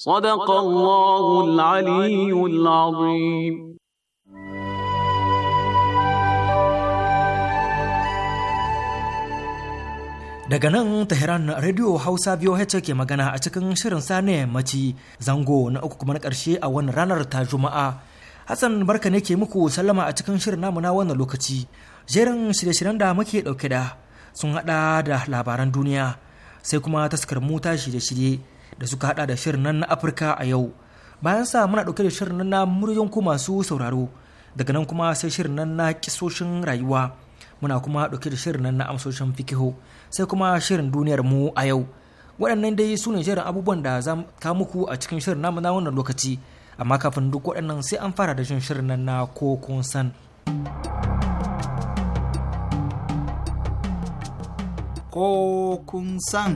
صدق الله العلي العظيم Daga nan Tehran Radio Hausa VOH ke magana a cikin shirin sane mace zango na uku kuma na ƙarshe a wannan ranar ta Juma'a. Hassan barka ne ke muku sallama a cikin shirin namu na wannan lokaci. Jerin shirye-shiryen da muke ɗauke da sun haɗa da labaran duniya sai kuma taskar mu ta shirye-shirye da suka hada da shirin nan na Afirka a yau. Bayan sa muna dauke da shirin nan na muryan ku masu sauraro. Daga nan kuma sai shirin nan na kisoshin rayuwa. Muna kuma dauke da shirin nan na amsoshin fikiho. Sai kuma shirin duniyar mu a yau. Waɗannan dai su ne shirin abubuwan da za ka muku a cikin shirin namu na wannan lokaci. Amma kafin duk waɗannan sai an fara da shirin shirin nan na ko kun san. ko kun san.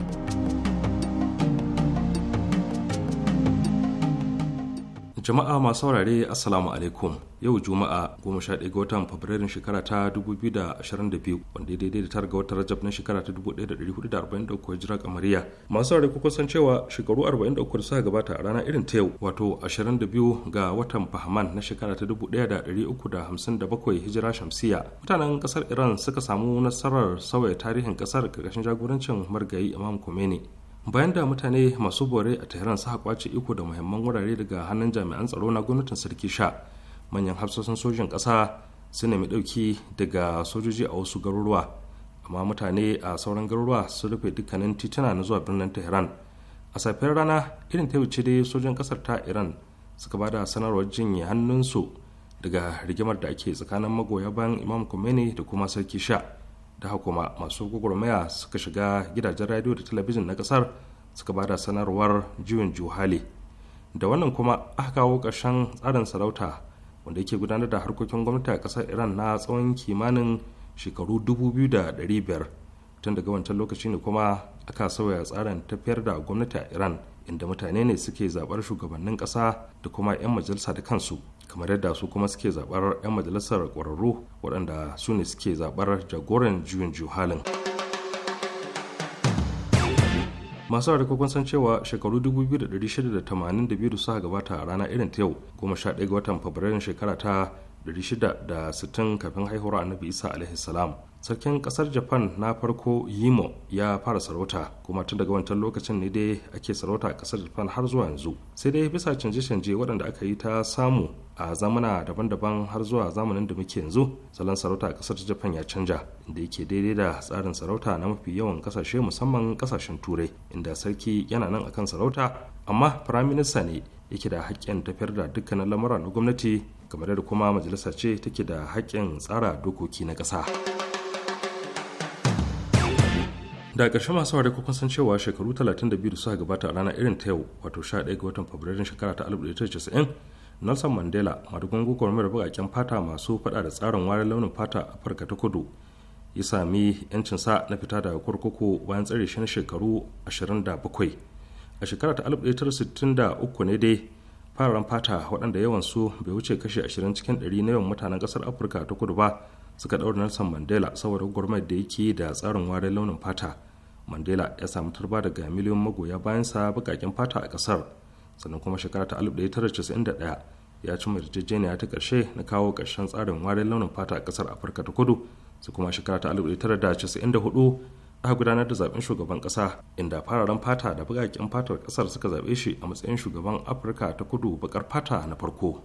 jama'a masu saurare assalamu alaikum yau juma'a 11 ga watan fabrairun shekara ta 2022 wanda ya daidai da tara ga watan rajab na shekara ta 1443 hijira kamariya masu saurare kuka san cewa shekaru 43 da suka gabata a rana irin ta yau wato 22 ga watan fahman na shekara ta 1357 hijira shamsiya mutanen kasar iran suka samu nasarar sauya tarihin kasar karkashin jagorancin margayi imam khomeini bayan da mutane masu bore a tehran suka kwace iko da muhimman wurare daga hannun jami'an tsaro na gwamnatin sarki sha manyan hafsoshin sojin ƙasa sun nemi ɗauki daga sojoji a wasu garuruwa amma mutane a sauran garuruwa sun rufe dukkanin tituna na zuwa birnin tehran a safiyar rana irin ta wuce dai sojin ƙasar ta iran suka ba da sanarwar jinye hannunsu daga rigimar da ake tsakanin magoya bayan imam khomeini da kuma sarki sha da kuma masu gwagwarmaya suka shiga gidajen radio da talabijin na kasar suka ba da sanarwar juyin juhali da wannan kuma aka kawo ƙarshen tsarin sarauta wanda yake gudanar da harkokin gwamnati a ƙasar iran na tsawon kimanin shekaru 2,500 tun daga wancan lokaci ne kuma aka sauya tsarin tafiyar da gwamnati a iran inda mutane ne suke zaɓar shugabannin ƙasa da kuma 'yan majalisa da kansu kamar yadda su kuma suke zabar 'yan majalisar ƙwararru waɗanda su ne suke zabar jagoran juyin juhalin masu harkokin san cewa shekaru 2682 da suka gabata a rana irin ta yau goma 11 ga watan fabrairun shekara ta 660 kafin haihuwar annabi isa alaihi salam sarkin kasar japan na farko yimo ya fara sarauta kuma tun daga wancan lokacin ne dai ake sarauta a kasar japan har zuwa yanzu sai dai bisa canje-canje waɗanda aka yi ta samu a zamana daban-daban har zuwa zamanin da muke yanzu salon sarauta a kasar japan ya canja inda yake daidai da tsarin sarauta na mafi yawan kasashe musamman kasashen turai inda sarki yana nan akan sarauta amma firaminista ne yake da haƙƙin tafiyar da dukkanin lamura na gwamnati kamar yadda kuma majalisa ce take da haƙƙin tsara dokoki na ƙasa da ƙarshe masu ware kun san cewa shekaru 32 da suka gabata a ranar irin ta yau wato 11 ga watan fabrairun shekara ta 1990 nelson mandela mai rabu bukaken fata masu fada da tsarin wari launin fata a farka ta kudu ya sami yancinsa na fita daga kurkuku bayan tsare shi na shekaru 27 a shekara ta 1963 ne dai fararen fata waɗanda yawan yawansu bai wuce kashi 20 cikin 100 na yawan mutanen kasar afirka ta kudu ba suka ɗaura nelson mandela saboda gwamnati da yake da tsarin warin launin fata mandela ya samu tarba daga miliyon magoya bayan sa bukakin fata a kasar sannan kuma shekara ta 1991 ya ci yarjejeniya ta karshe na kawo karshen tsarin warin launin fata a ƙasar afirka ta kudu su kuma shekara ta 1994 aka gudanar da zaben shugaban kasa inda fararen fata da bugaƙen fatar kasar suka zaɓe shi a matsayin shugaban afirka ta kudu baƙar fata na farko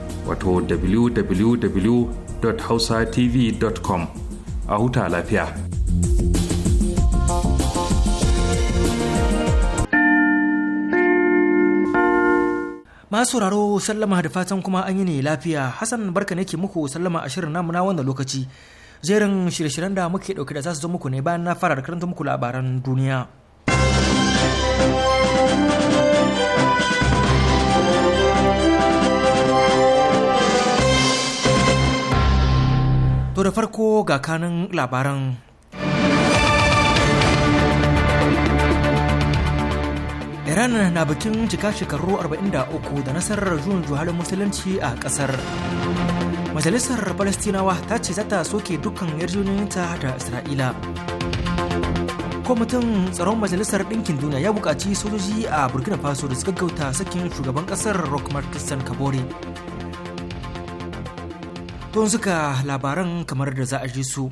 wato www.hausatv.com a huta lafiya. Masu sauraro sallama da fatan kuma an yi ne lafiya Hassan barka ne ke muku sallama a shirin namu na lokaci. Jerin shirye-shiryen da muke dauke da za su zo muku ne bayan na fara da karanta muku labaran duniya. To da farko ga kanin labaran Iran na bikin cika shekaru 43 da nasarar juyin juhalin musulunci a kasar. Majalisar Palestinawa ta ce za ta soke dukkan yarjejeniyarta da Isra'ila. Kwamitin tsaron Majalisar Ɗinkin Duniya ya buƙaci sojoji a Burkina Faso da suka gauta sakin shugaban ƙasar Roch Martin Kabore. Tun suka labaran kamar da za a ji su.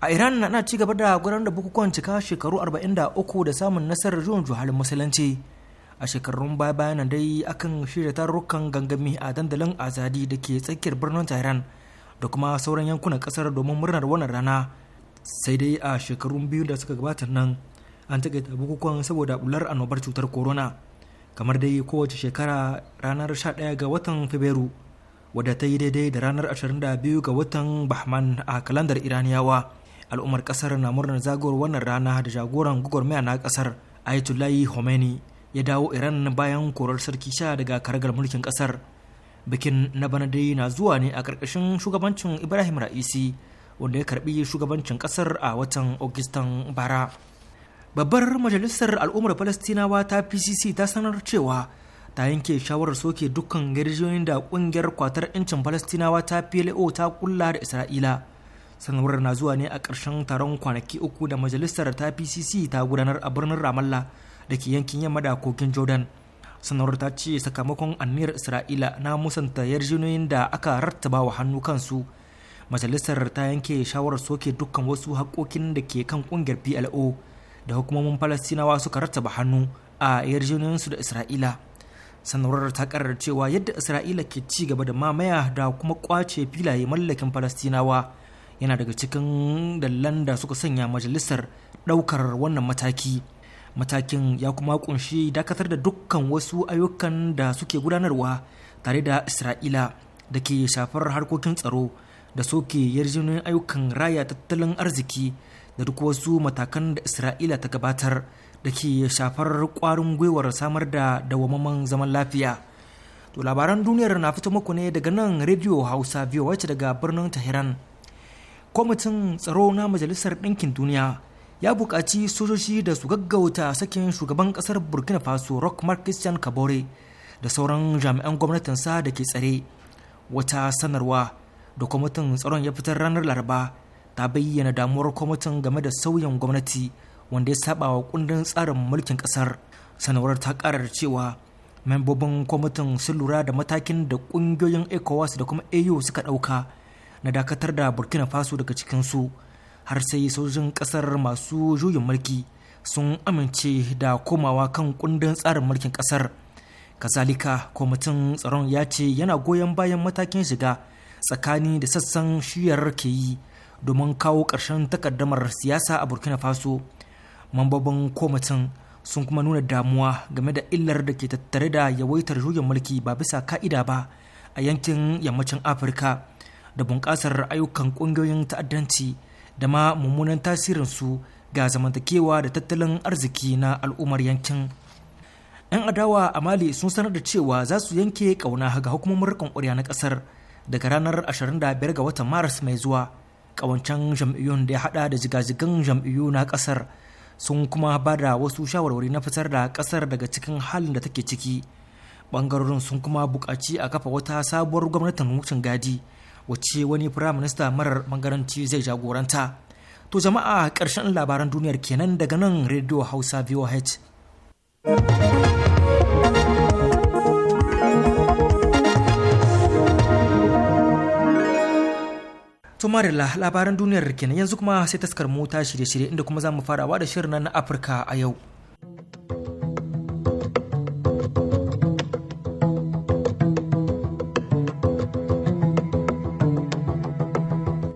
A Iran na ci gaba da gudanar da bukukuwan cika shekaru 43 da samun nasarar juyin juhalin musulunci. A shekarun baya bayan dai akan shirya tarurrukan gangami a dandalin azadi da ke tsakiyar birnin Tehran da kuma sauran yankunan kasar domin murnar wannan rana. Sai dai a shekarun biyu da suka gabata nan an taƙaita bukukuwan saboda bular annobar cutar corona. Kamar dai kowace shekara ranar 11 ga watan Fabrairu wadda ta yi daidai da ranar 22 ga watan bahman a kalandar iraniyawa al'ummar kasar na murnar zagor wannan rana da jagoran gwagwarmaya na kasar ayatollah khomeini ya dawo iran bayan korar sarki sha daga karagar mulkin kasar bikin na bana dai na zuwa ne a ƙarƙashin shugabancin ibrahim ra'isi wanda ya karbi shugabancin kasar a watan augustan bara babbar majalisar al'ummar palestinawa ta pcc ta sanar cewa ta yanke shawarar soke dukkan garjiyoyin da kungiyar kwatar incin falastinawa ta plo ta kulla da isra'ila sanarwar na zuwa ne a ƙarshen taron kwanaki uku da majalisar ta pcc ta gudanar a birnin ramallah da ke yankin yamma da kogin jordan sanarwar ta ce sakamakon anniyar isra'ila na musanta yarjinoyin da aka rattaba wa hannu kansu majalisar ta yanke shawarar soke dukkan wasu haƙoƙin da ke kan ƙungiyar plo da hukumomin falastinawa suka rattaba hannu a yarjinoyinsu da isra'ila sanarwar ta karar cewa yadda isra'ila ke ci gaba da mamaya da kuma kwace filaye mallakin falastinawa yana daga cikin dallan da suka sanya majalisar daukar wannan mataki matakin ya kuma kunshi dakatar da dukkan wasu ayyukan da suke gudanarwa tare da isra'ila da ke shafar harkokin tsaro da soke yarjejeniyoyin ayyukan raya tattalin arziki da duk wasu matakan da isra'ila ta gabatar da ke shafar kwarin gwiwar samar da dawamaman zaman lafiya to labaran duniyar na fito muku ne daga nan radio hausa biyu wacce daga birnin tehran kwamitin tsaro na majalisar ɗinkin duniya ya buƙaci sojoji da su gaggauta sakin shugaban ƙasar burkina faso rock mark christian kabore da sauran jami'an gwamnatinsa da ke tsare wata sanarwa da kwamitin tsaron ya fitar ranar laraba ta bayyana damuwar kwamitin game da sauyin gwamnati wanda ya saba wa kundin tsarin mulkin kasar sanarwar ta karar cewa membobin kwamitin sun lura da matakin da kungiyoyin ecowas da kuma au suka dauka na dakatar da burkina faso daga cikinsu har sai sojin kasar masu juyin mulki sun amince da komawa kan kundin tsarin mulkin kasar kazalika kwamitin tsaron ya ce yana goyon bayan matakin shiga tsakani da sassan shiyar ke yi domin kawo ƙarshen takaddamar siyasa a burkina faso mambobin kwamitin sun kuma nuna damuwa game da illar da ke tattare da yawaitar juyin mulki ba bisa ka'ida ba a yankin yammacin afirka da bunƙasar ayyukan ƙungiyoyin ta'addanci da ma mummunan tasirinsu ga zamantakewa da tattalin arziki na al'ummar yankin 'yan adawa a mali sun sanar da cewa za su yanke kauna ga hukumomin rikon na ƙasar daga ranar 25 ga watan maris mai zuwa kawancan jam'iyyun da ya hada da zigazigan jam'iyyu na ƙasar sun kuma ba da wasu shawarwari na fitar da kasar daga cikin halin da take ciki bangarorin sun kuma buƙaci a kafa wata sabuwar gwamnatin wucin gadi wacce wani firaminista marar bangaranci zai jagoranta to jama'a ƙarshen labaran duniyar kenan daga nan rediyo hausa voh Marilla, labaran duniyar kenan yanzu kuma sai taskar mota shirye-shirye inda kuma za mu farawa da shirin na afirka a yau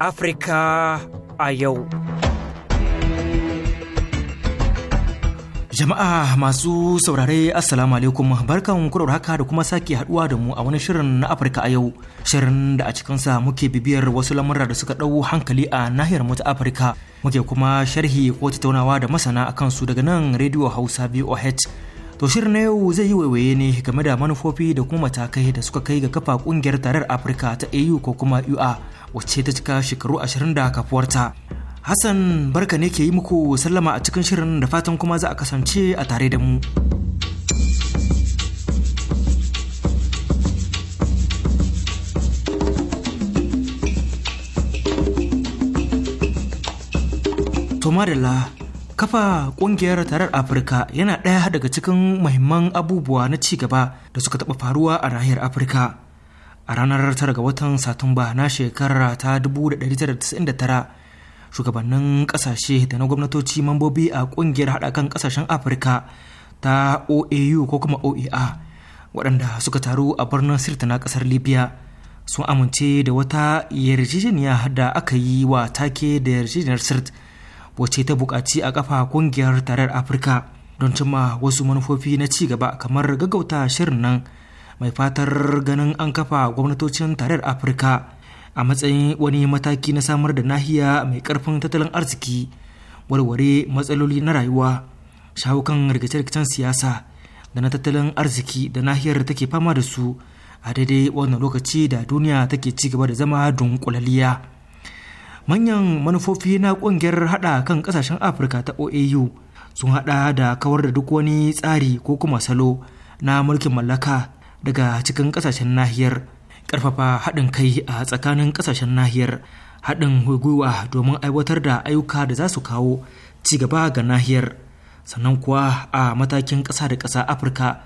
afirka a yau Jama'a masu saurare Assalamu alaikum barkan kurar haka da kuma sake haduwa da mu a wani shirin na Afirka a yau shirin da a cikinsa muke bibiyar wasu lamurra da suka ɗau hankali a nahiyar mu ta Afirka muke kuma sharhi ko tattaunawa da masana akan su daga nan Radio Hausa BOH. to shirin na yau zai yi waiwaye ne game da manufofi da kuma matakai da suka kai ga kafa kungiyar tarar Afirka ta AU ko kuma UA wacce ta cika shekaru 20 da kafuwarta Hassan barka ne ke yi muku sallama a cikin shirin da fatan kuma za a kasance a tare da mu. Tomarilla kafa ƙungiyar tarar afirka yana ɗaya daga cikin mahimman abubuwa na cigaba da suka taɓa faruwa a nahiyar afirka a ranar 9 ga watan satumba na shekarar ta 1999 shugabannin kasashe da na gwamnatoci mambobi a kungiyar haɗakan kan kasashen afirka ta oau ko kuma oea waɗanda suka taru a birnin sirta na ƙasar libya sun amince da wata yarjejeniya da aka yi wa take da yarjejeniyar sirt wacce ta buƙaci a kafa kungiyar tarayyar afirka don cimma wasu manufofi na ci gaba kamar gaggauta shirin nan mai fatar ganin an kafa gwamnatocin tarayyar afirka a matsayin wani mataki na samar da nahiya mai karfin tattalin arziki warware matsaloli na rayuwa shawo kan rikice-rikicen siyasa da na tattalin arziki da nahiyar da take fama da su a daidai wannan lokaci da duniya take ci gaba da zama dunkulaliya manyan manufofi na kungiyar hada kan kasashen afirka ta oau sun hada da kawar da duk wani tsari ko kuma salo na mulkin mallaka daga cikin kasashen nahiyar karfafa haɗin kai a tsakanin ƙasashen nahiyar haɗin gwiwa domin aiwatar da ayyuka da za su kawo ci gaba ga nahiyar sannan kuwa a matakin ƙasa da ƙasa afirka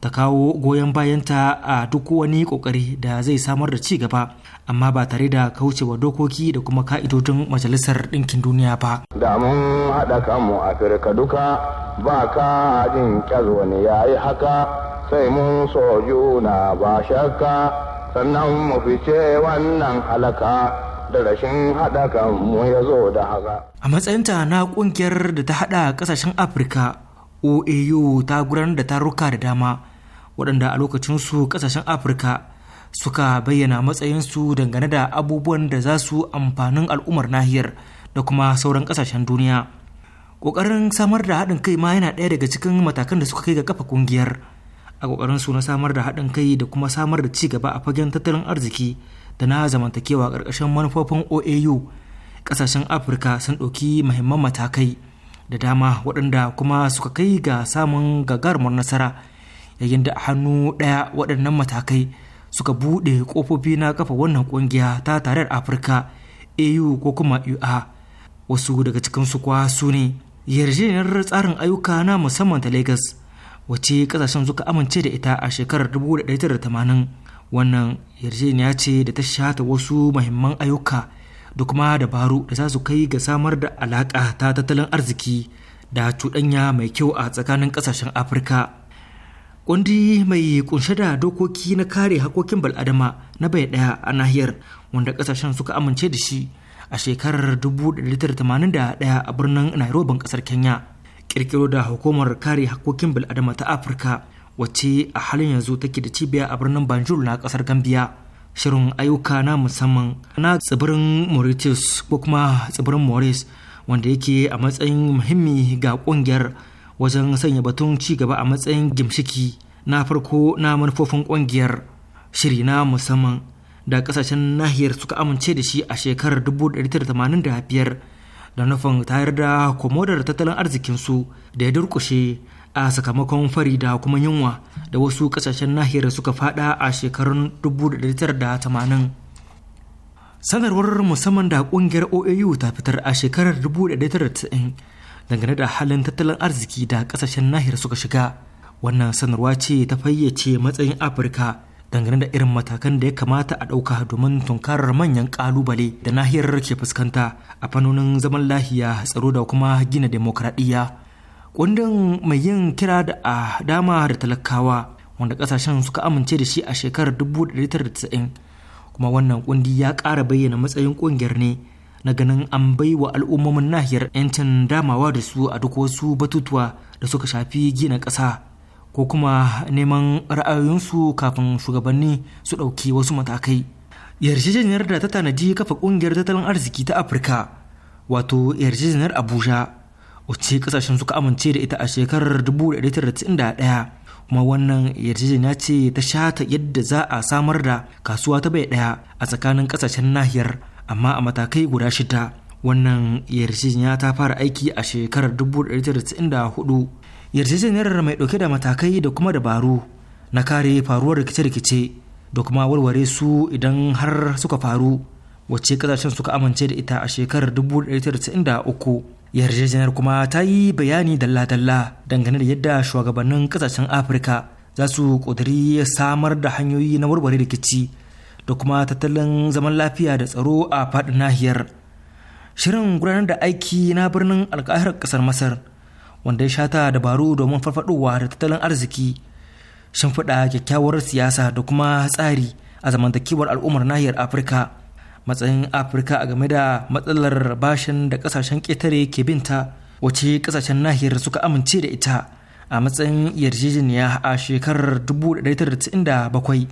ta kawo goyon bayanta a duk wani ƙoƙari da zai samar da ci gaba amma ba tare da kaucewa dokoki da kuma ka'idodin majalisar ɗinkin duniya ba da mun haɗa kanmu afirka duka ba ka jin ƙyazwani ya yi haka sai mun so juna ba shakka sannan mu fice wannan halaka da rashin haɗa mu ya zo da haka. A matsayinta na ƙungiyar da ta haɗa ƙasashen Afirka OAU ta guran da taruka da dama waɗanda a lokacinsu ƙasashen Afirka suka bayyana matsayinsu dangane da abubuwan da za su amfanin al'ummar nahiyar da kuma sauran ƙasashen duniya. Ƙoƙarin samar da haɗin kai ma yana ɗaya daga cikin matakan da suka kai ga kafa ƙungiyar. a kokarin su na samar da haɗin kai da kuma samar da ci gaba a fagen tattalin arziki da na zamantakewa ƙarƙashin manufofin oau ƙasashen afirka sun ɗauki muhimman matakai da dama waɗanda kuma suka kai ga samun gagarumar nasara yayin da hannu ɗaya waɗannan matakai suka buɗe ƙofofi na kafa wannan ƙungiya ta tarayyar afirka au ko kuma ua wasu daga cikinsu kwa su ne yarjejeniyar tsarin ayyuka na musamman ta lagos wace kasashen suka amince da ita a shekarar 1980 wannan yarjejeniya ce da ta shata wasu mahimman ayyuka da kuma dabaru da za su kai ga samar da alaƙa ta tattalin arziki da cuɗanya mai kyau a tsakanin kasashen afirka kundi mai kunshe da dokoki na kare hakokin bal'adama na bai daya a nahiyar wanda kasashen suka amince da shi a shekarar 1981 a birnin nairobi kasar kenya kirkiro da hukumar kare hakkokin bil'adama ta afirka wacce a halin yanzu take da cibiya a birnin banjul na kasar gambia shirin ayyuka na musamman na tsibirin mauritius ko kuma tsibirin moris wanda yake a matsayin muhimmi ga kungiyar wajen sanya batun ci gaba a matsayin gimshiki na farko na manufofin kungiyar shiri na musamman da kasashen nahiyar suka amince da shi a shekarar 1985 da nufin tayar da komodar tattalin arzikinsu da ya durkushe a sakamakon fari da kuma yunwa da wasu kasashen nahiyar suka fada a shekarun 1980 sanarwar musamman da kungiyar oau ta fitar a shekarar 1990 dangane da halin tattalin arziki da kasashen nahiyar suka shiga wannan sanarwa ce ta fayyace matsayin afirka dangane da irin matakan da ya kamata a ɗauka domin tunkarar manyan ƙalubale da nahiyar ke fuskanta a fannonin zaman lahiya tsaro da kuma gina demokradiyya kundin mai yin kira da a dama da talakawa wanda ƙasashen suka amince da shi a shekarar 1990 kuma wannan kundi ya ƙara bayyana matsayin ƙungiyar ne na ganin an bai wa al'ummomin nahiyar 'yancin damawa da su a duk wasu batutuwa da suka shafi gina ƙasa ko kuma neman ra'ayoyinsu kafin shugabanni su ɗauki wasu matakai yarjejeniyar da ta tanadi kafa ƙungiyar tattalin arziki ta afirka wato yarjejeniyar abuja wacce kasashen suka amince da ita a shekarar 1991 kuma wannan yarjejeniya ce ta shata yadda za a samar da kasuwa ta bai ɗaya a tsakanin ƙasashen nahiyar amma a matakai guda shida wannan yarjejeniya ta fara aiki a shekarar 1994 yarjejeniyar mai ɗauke da matakai da kuma dabaru na kare faruwar rikice-rikice da kuma warware su idan har suka faru wacce kasashen suka amince da ita a shekarar da 1993 yarjejeniyar kuma ta yi bayani dalla-dalla dangane da yadda shugabannin kasashen afirka za su ƙudiri samar da hanyoyi na warware rikici da kuma tattalin zaman lafiya da tsaro a faɗin nahiyar shirin gudanar da aiki na birnin alkahirar ƙasar masar wanda ya shata dabaru domin farfaɗowa da tattalin arziki shimfiɗa kyakkyawar siyasa da kuma tsari a zamantakewar al'ummar nahiyar afirka matsayin afirka a game da matsalar bashin da kasashen ƙetare ke binta wace kasashen nahiyar suka amince da ita a matsayin yarjejeniya a shekarar 1997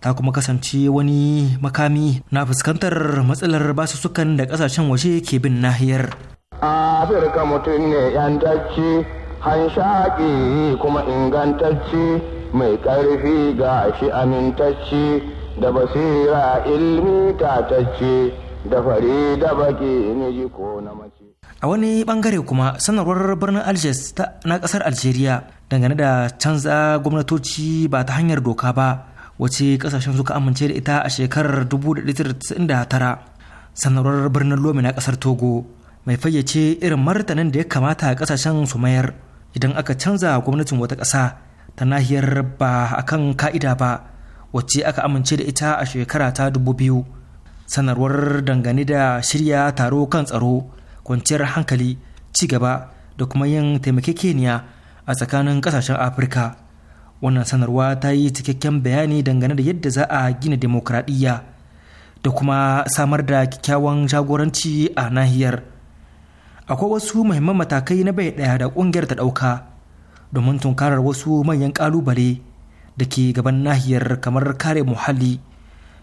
ta kuma kasance wani makami na fuskantar matsalar basussukan da ƙasashen waje ke bin nahiyar Afirka mutum ne ‘yantacci, hanshaƙi kuma ingantacci, mai ƙarfi ga shi amintacci, da basira ilmi tatacci, da fari da baki ji ko na mace. A wani bangare kuma sanarwar birnin Algiers na ƙasar Algeria dangane da canza gwamnatoci ba ta hanyar doka ba, wace ƙasashen suka amince da ita a shekarar 1999. Sanarwar birnin lomi na ƙasar Togo mai fayyace irin martanin da ya kamata a kasashen su mayar idan aka canza gwamnatin wata ƙasa ta nahiyar ba a kan ka'ida ba wacce aka amince da ita a shekara ta dubu biyu sanarwar dangane da shirya taro kan tsaro kwanciyar hankali ci gaba da kuma yin taimakekeniya a tsakanin kasashen afirka wannan sanarwa ta yi cikakken bayani dangane da yadda za a gina demokradiyya da kuma samar da kyakkyawan jagoranci a nahiyar akwai wasu muhimman matakai na bai ɗaya da ƙungiyar ta ɗauka domin tunkarar wasu manyan ƙalubale da ke gaban nahiyar kamar kare muhalli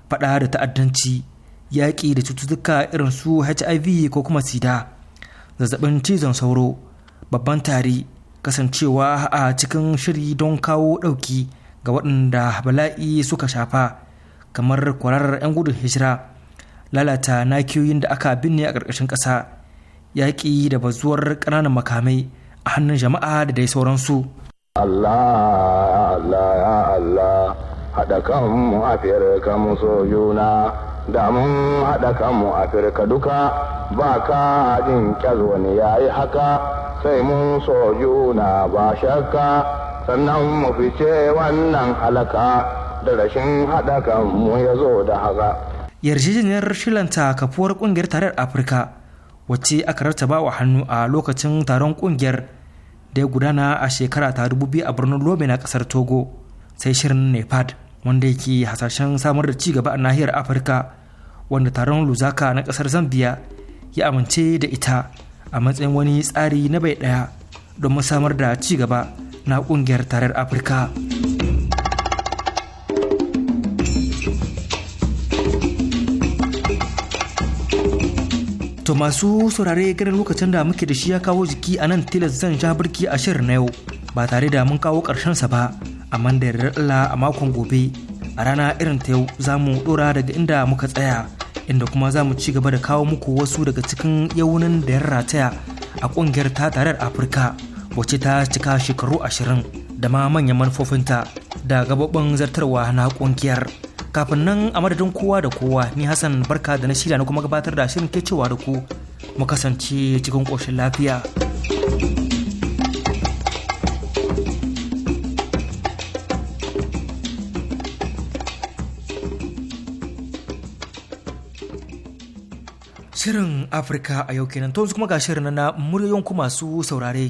faɗa da ta'addanci yaƙi da cututtuka irin su hiv ko kuma sida zazzabin cizon sauro babban tari kasancewa a cikin shiri don kawo ɗauki ga waɗanda bala'i suka shafa kamar kwararar 'yan gudun hijira lalata nakiyoyin da aka binne a ƙarƙashin ƙasa yaƙi da bazuwar ƙananan makamai a hannun jama'a da dai sauransu. Allah Allah ya Allah haɗa kanmu Afirka mu so juna da mun haɗa kanmu Afirka duka ba ka jin wani ya yi haka sai mun so juna ba shakka sannan mu fice wannan halaka da rashin haɗa kanmu ya zo da haka. Yarjejeniyar shilanta kafuwar ƙungiyar tarayyar Afirka wacce aka rattaba wa hannu a lokacin taron kungiyar da ya gudana a shekara ta biyu a birnin lobe na kasar togo sai shirin nepad wanda yake hasashen samar da gaba a nahiyar afirka wanda taron luzaka na kasar zambia ya amince da ita a matsayin wani tsari na bai daya don samar da gaba na kungiyar tarar afirka. To masu saurare ganin lokacin da muke da shi ya kawo jiki a nan tilas zan ja birki a shirin na yau ba tare da mun kawo sa ba amma da yarda Allah a makon gobe a rana irin ta yau za mu ɗora daga inda muka tsaya inda kuma za mu ci gaba da kawo muku wasu daga cikin yawunan da ya rataya a ƙungiyar ta tarar Afirka wacce ta cika shekaru ashirin da ma manyan manufofinta da gababban zartarwa na ƙungiyar. kafin nan a madadin kowa da kowa ni hassan barka da na shirya na kuma gabatar da shirin ke cewa da ku mu kasance cikin koshin lafiya Shirin Afirka a yau kenan to kuma ga shirin na muryoyin ku masu saurare.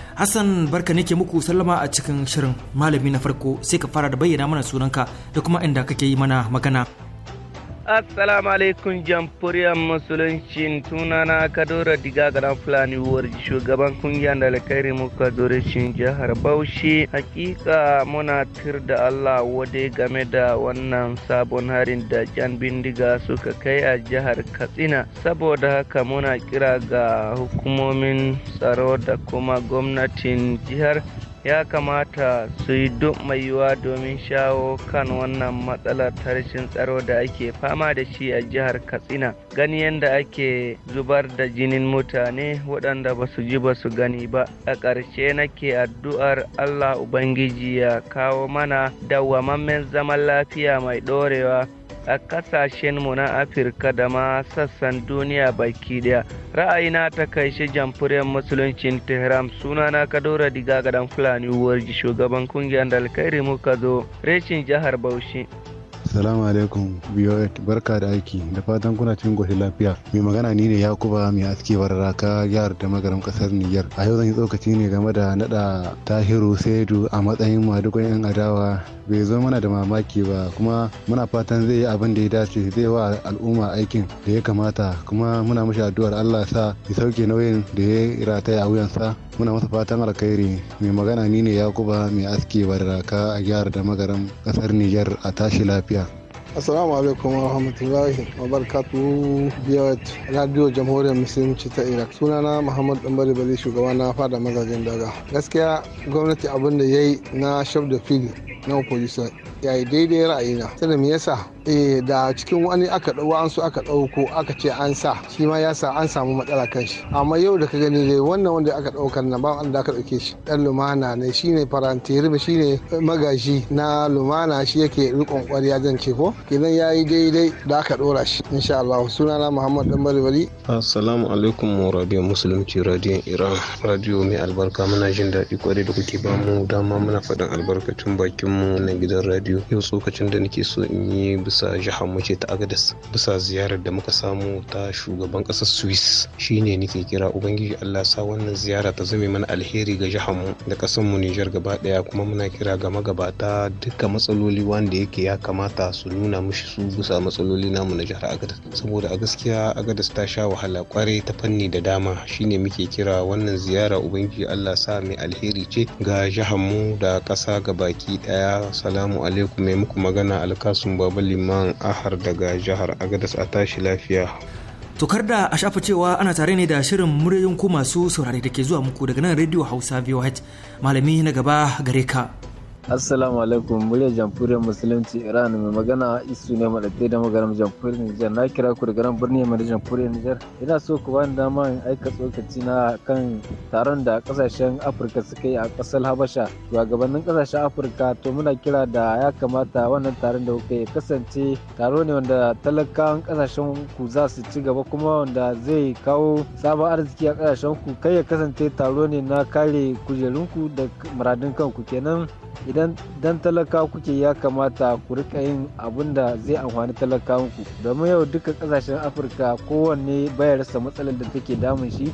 Hassan barka ne ke muku sallama a cikin shirin malami na farko sai ka fara da bayyana mana sunanka da kuma inda kake yi mana magana. assalamu alaikum jamhuriyar musulunci tunana kadora diga dan fulani war shugaban kungiyar da alkhairi muka zore jihar bauchi hakika muna tir da allah wade game da wannan sabon harin da jan bindiga suka kai a jihar katsina saboda haka muna kira ga hukumomin tsaro da kuma gwamnatin jihar ya kamata su yi duk mai yiwuwa domin shawo kan wannan matsalar tarshen tsaro da ake fama da shi a jihar katsina gani yadda ake zubar da jinin mutane waɗanda ba su ji ba su gani ba a ƙarshe nake addu'ar allah ubangiji ya kawo mana dawwamammen zaman lafiya mai ɗorewa a mu na afirka da ma sassan duniya baki daya ra'ayina ta kai shi jamhuriyar musuluncin tehran sunana kadora diga gadan fulani uwar shugaban kungiyar da alkhairi muka zo reshin jihar bauchi Assalamu alaikum BOA barka da aiki da fatan kuna cikin goshin lafiya. Mai magana ni ne Yakuba mai aske bararaka yar da magaram kasar Niger. A yau zan yi tsokaci ne game da nada Tahiru Saidu a matsayin madugon yan adawa bai zo mana da mamaki ba kuma muna fatan zai yi abin da ya dace zai wa al'umma aikin da ya kamata kuma muna mashi addu'ar Allah sa ya sauke nauyin da ya rataya a wuyansa muna masa fatan alkhairi mai magana ni ne yakuba mai aski barraka a jihar da magaran kasar niger a tashi lafiya Assalamu alaikum wa rahmatullahi wa barakatuhu biyawat radio jamhuriyar musulunci ta Iraq. Sunana Muhammad Dambari Bali shugaba na fada mazajen daga. Gaskiya gwamnati abin da ya yi na shaf da fili na opposition ya yi daidai ra'ayina. Sada me yasa eh da cikin wani aka an wa'ansu aka ɗauko aka ce an sa shi ma ya sa an samu matsala kan shi amma yau da ka gani dai wannan wanda aka ɗaukar nan ba wanda aka ɗauke shi ɗan lumana ne shine faranti shi shine magaji na lumana shi yake rikon ƙwarya zan ce ko kenan ya yi daidai da aka ɗora shi insha Allah sunana Muhammad Dan Balibali assalamu alaikum wa radio musulunci radio Iran radio mai albarka muna jin daɗi kwarai da kuke ba mu dama muna faɗin albarkacin bakin mu na gidan radio yau tsokacin da nake so in yi bisa jihar muke ta agadas bisa ziyarar da muka samu ta shugaban ƙasar swiss shine nake kira ubangiji allah sa wannan ziyara ta zame mana alheri ga jihar mu da ƙasar mu nijar gaba daya kuma muna kira ga magabata duka matsaloli wanda yake ya kamata su nuna mishi su bisa matsaloli namu na jihar agadas saboda a gaskiya agadas ta sha wahala kwarai ta fanni da dama shine muke kira wannan ziyara ubangiji allah sa mai alheri ce ga jihar mu da ƙasa gabaki daya salamu alaikum mai muku magana alkasun babali liman Ahar daga jihar Agadas a tashi lafiya. Tokar da a shafa cewa ana tare ne da shirin muryoyin ku masu saurare da ke zuwa muku daga nan Radio Hausa VOH. Malami na gaba gare ka. assalamu alaikum murya jamhuriyar musulunci iran mai magana isu ne madadai da magaram jamhuriyar nijar na kira ku daga nan birni mai jamhuriyar nijar ina so ku bani dama in aika tsokaci na kan taron da kasashen afirka suka yi a kasar habasha gabanin kasashen afirka to muna kira da ya kamata wannan taron da kuka kasance taro ne wanda talakawan kasashen ku za su ci gaba kuma wanda zai kawo sabon arziki a kasashen ku kai ya kasance taro ne na kare kujerunku da muradin kanku kenan idan dan talaka kuke ya kamata ku rika yin abun da zai amfani talakawanku domin yau duka kasashen afirka kowanne bayar rasa matsalar da take damun shi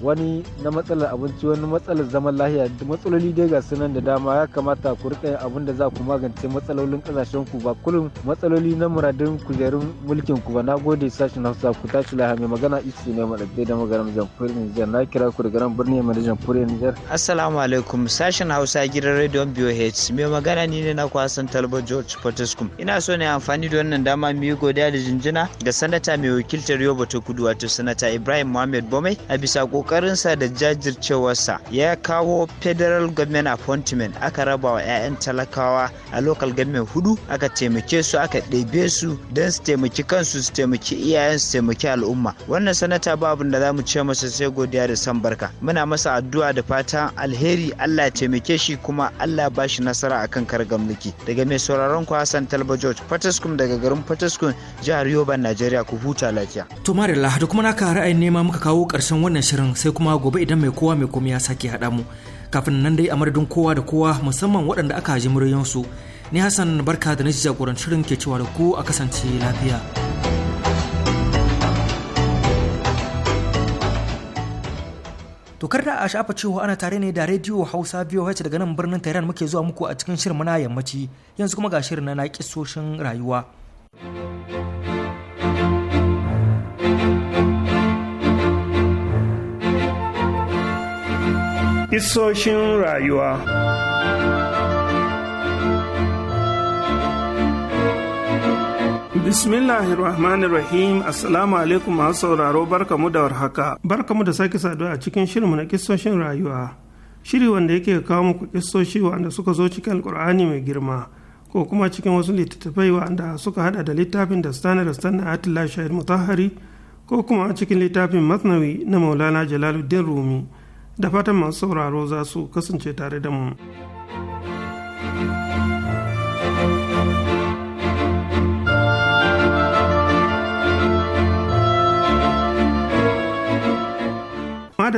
wani na matsalar abinci wani matsalar zaman lahiya matsaloli dai ga sunan da dama ya kamata ku rika yin abun da za ku magance matsalolin kasashen ku ba kullum matsaloli na muradin kujerun mulkin ku ba nagode sashen hausa ku tashi lahiya mai magana isu ne madadai da magaram jamhuriyar nijar na kira ku daga nan birnin mai jamhuriyar nijar assalamu alaikum sashen hausa gidan rediyon biyo Gates Mai magana ni ne na kwasan Talba George Potescum. Ina so ne amfani da wannan dama mu yi godiya da jinjina ga sanata mai wakiltar Yobe ta Kudu wato sanata Ibrahim Mohammed Bome a bisa kokarin sa da jajircewarsa ya kawo Federal Government Appointment aka raba wa 'ya'yan talakawa a local government hudu aka taimake su aka ɗebe su don su taimaki kansu su taimaki iyayen su taimaki al'umma. Wannan sanata babu da za mu ce masa sai godiya da san barka. Muna masa addu'a da fatan alheri Allah ya taimake shi kuma Allah ya bashi ci nasara akan kargar mulki daga mai sauraron ku Hassan Talba George Fataskum daga garin Fataskum jihar Yoban Najeriya ku huta lafiya to marilla da kuma naka ra'ayin nema muka kawo karshen wannan shirin sai kuma gobe idan mai kowa mai komai ya sake haɗa mu kafin nan dai a madadin kowa da kowa musamman waɗanda aka ji muryansu ni hassan barka da na jagoran shirin ke cewa da ku a kasance lafiya. To kar da a shafa cewa ana tare ne da rediyo Hausa biyu wace daga nan birnin Tehran muke zuwa muku a cikin shirin na yammaci yanzu kuma ga shirin na kisoshin rayuwa. Kisoshin rayuwa Bismillahirrahmanirrahim Assalamu alaikum masu sauraro barkamu da warhaka. Barkamu da sake saduwa a cikin shirinmu na kistoshin rayuwa. Shiri wanda yake kawo muku kistoshi wanda suka zo cikin alkur'ani mai girma ko kuma cikin wasu littattafai wanda suka hada da littafin da stanar da stanar Atila Shahid Mutahari ko kuma cikin littafin Masnawi na Maulana Jalaluddin Rumi. Da fatan masu sauraro za su kasance tare da mu.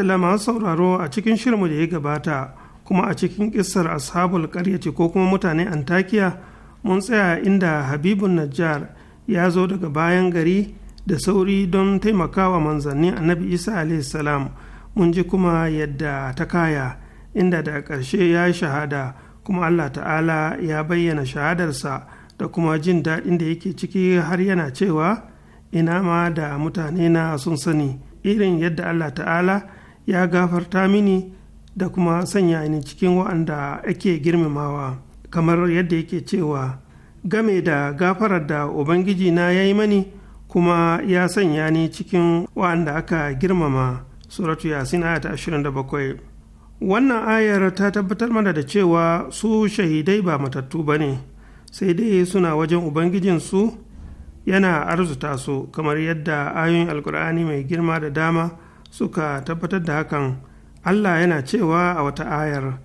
madalla masu sauraro a cikin shirinmu da ya gabata kuma a cikin kissar ashabul karyaci ko kuma mutane antakiya mun tsaya inda habibun najjar ya zo daga bayan gari da sauri don taimakawa manzannin annabi isa salam mun ji kuma yadda ta kaya inda da ƙarshe ya yi shahada kuma allah ta'ala ya bayyana shahadarsa da kuma jin daɗin da yake ciki har yana cewa ina ma da mutane na sun sani irin yadda allah ta'ala ya gafarta mini da kuma sanya ni cikin wa'anda ake girmamawa kamar yadda yake cewa game da gafarar da ubangiji na ya yi mani kuma ya sanya ni cikin wa'anda aka girmama suratu yasin ayata 27 wannan ayar ta tabbatar mana da cewa su shahidai ba matattu ba ne sai dai suna wajen ubangijinsu yana arzuta su kamar yadda ayoyin alkur'ani mai girma da dama suka tabbatar da hakan allah yana cewa a wata ayar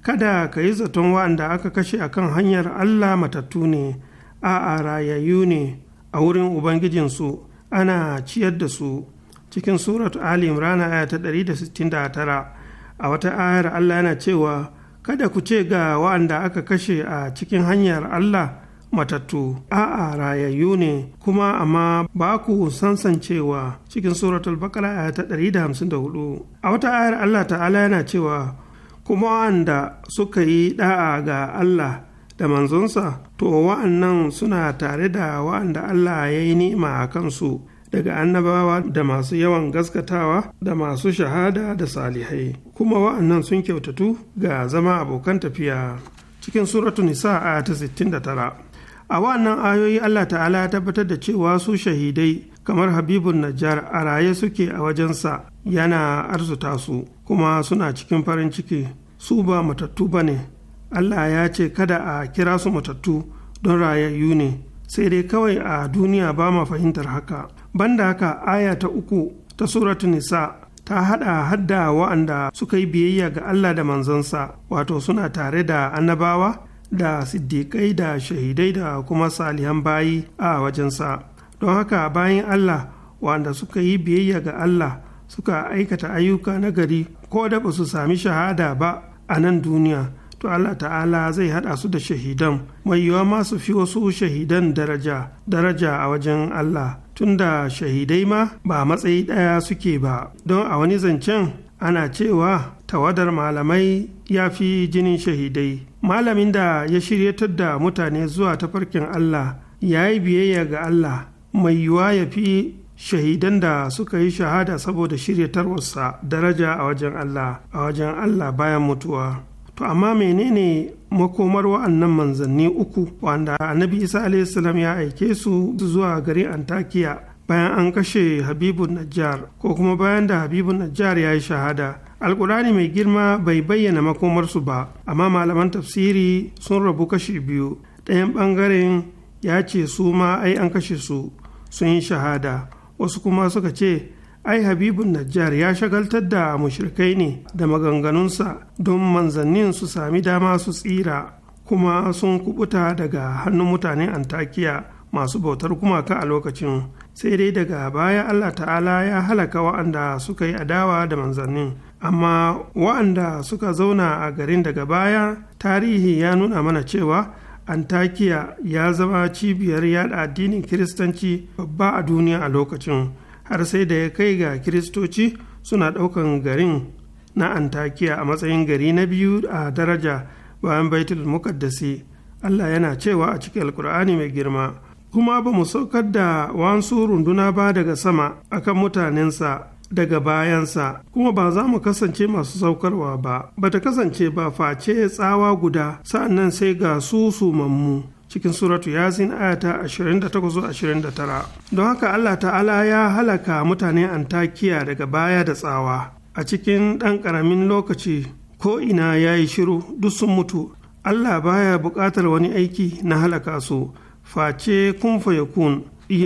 kada ka yi zaton wa'anda aka kashe a kan hanyar allah matattu ne a'a rayayyu ne a wurin ubangijinsu ana ciyar da su cikin suratu ali rana aya ta 169 a wata ayar allah yana cewa kada ku ce ga wa'anda aka kashe a cikin hanyar allah matattu a'a rayayyu ne kuma amma ba ku sansancewa cikin suratul bakara aya ta 154 a wata ayar Allah ta'ala yana cewa kuma wa'anda suka yi da'a ga Allah da manzonsa to wa'annan suna tare da wa'anda Allah ya yi ni'ima a kansu daga annabawa da masu yawan gaskatawa da masu shahada da salihai kuma wa'annan sun kyautatu ga zama abokan tafiya cikin suratu nisa a ta 69 a wannan ayoyi allah ta'ala ya tabbatar da cewa su shahidai kamar habibun najjar a raye suke a wajensa yana arzuta su kuma suna cikin farin ciki su ba matattu ba ne allah ya ce kada a kira su matattu don rayayyu ne sai dai kawai a duniya ba ma fahimtar haka banda haka aya ta uku ta suratu nisa ta hada hadda wa'anda suka yi biyayya ga allah da manzansa wato suna tare da annabawa da siddiƙai da shahidai da kuma salihan bayi a wajensa don haka bayan allah wanda suka yi biyayya ga allah suka aikata ayyuka na gari ko da ba su sami shahada ba a nan duniya to Allah ta'ala zai hada su da shahidan mai yiwa ma su fi wasu shahidan daraja daraja a wajen Allah tunda shahidai ma ba matsayi ɗaya suke ba don a wani zancen ana cewa tawadar malamai ya fi jinin shahidai malamin da ya shiryatar da mutane zuwa tafarkin Allah ya yi biyayya ga Allah mai yiwuwa ya fi shahidan da suka yi shahada saboda shiryatarwarsa daraja a wajen Allah a wajen Allah bayan mutuwa to amma menene makomar wa'annan manzanni uku wanda annabi isa alaihissalam ya aike su zuwa garin antakiya bayan an kashe habibu najjar ko kuma bayan da habibu najjar ya yi shahada alkurani mai girma bai bayyana makomarsu ba amma malaman tafsiri sun rabu kashi biyu ɗayan ɓangaren ya ce su ma ai an kashe su sun yi shahada wasu kuma suka ce ai habibun najjar ya shagaltar da mushrikai ne da maganganunsa don manzannin su sami dama su tsira kuma sun kubuta daga hannun mutane antakiya masu bautar gumaka a lokacin sai dai daga baya allah ta'ala ya halaka wa'anda suka yi adawa da manzannin amma wa'anda suka zauna a garin daga baya tarihi ya nuna mana cewa antakiya ya zama cibiyar yada addinin kiristanci babba a duniya a lokacin har sai da ya kai ga kiristoci suna ɗaukan garin na antakiya a matsayin gari na biyu a daraja bayan baitul mukaddasi allah yana cewa a cikin alkur'ani mai girma kuma ba mu saukar da wasu runduna ba daga sama akan mutanensa daga bayansa kuma ba za mu kasance masu saukarwa ba ba ta kasance ba face tsawa guda sa'annan sai ga su mammu cikin suratu yasin ayata 28-29 don haka allah ta'ala ya halaka mutane antakiya daga baya da tsawa a cikin ɗan ƙaramin lokaci ko ina ya yi shiru duk sun mutu allah baya buƙatar wani aiki na halaka su face kun fayakun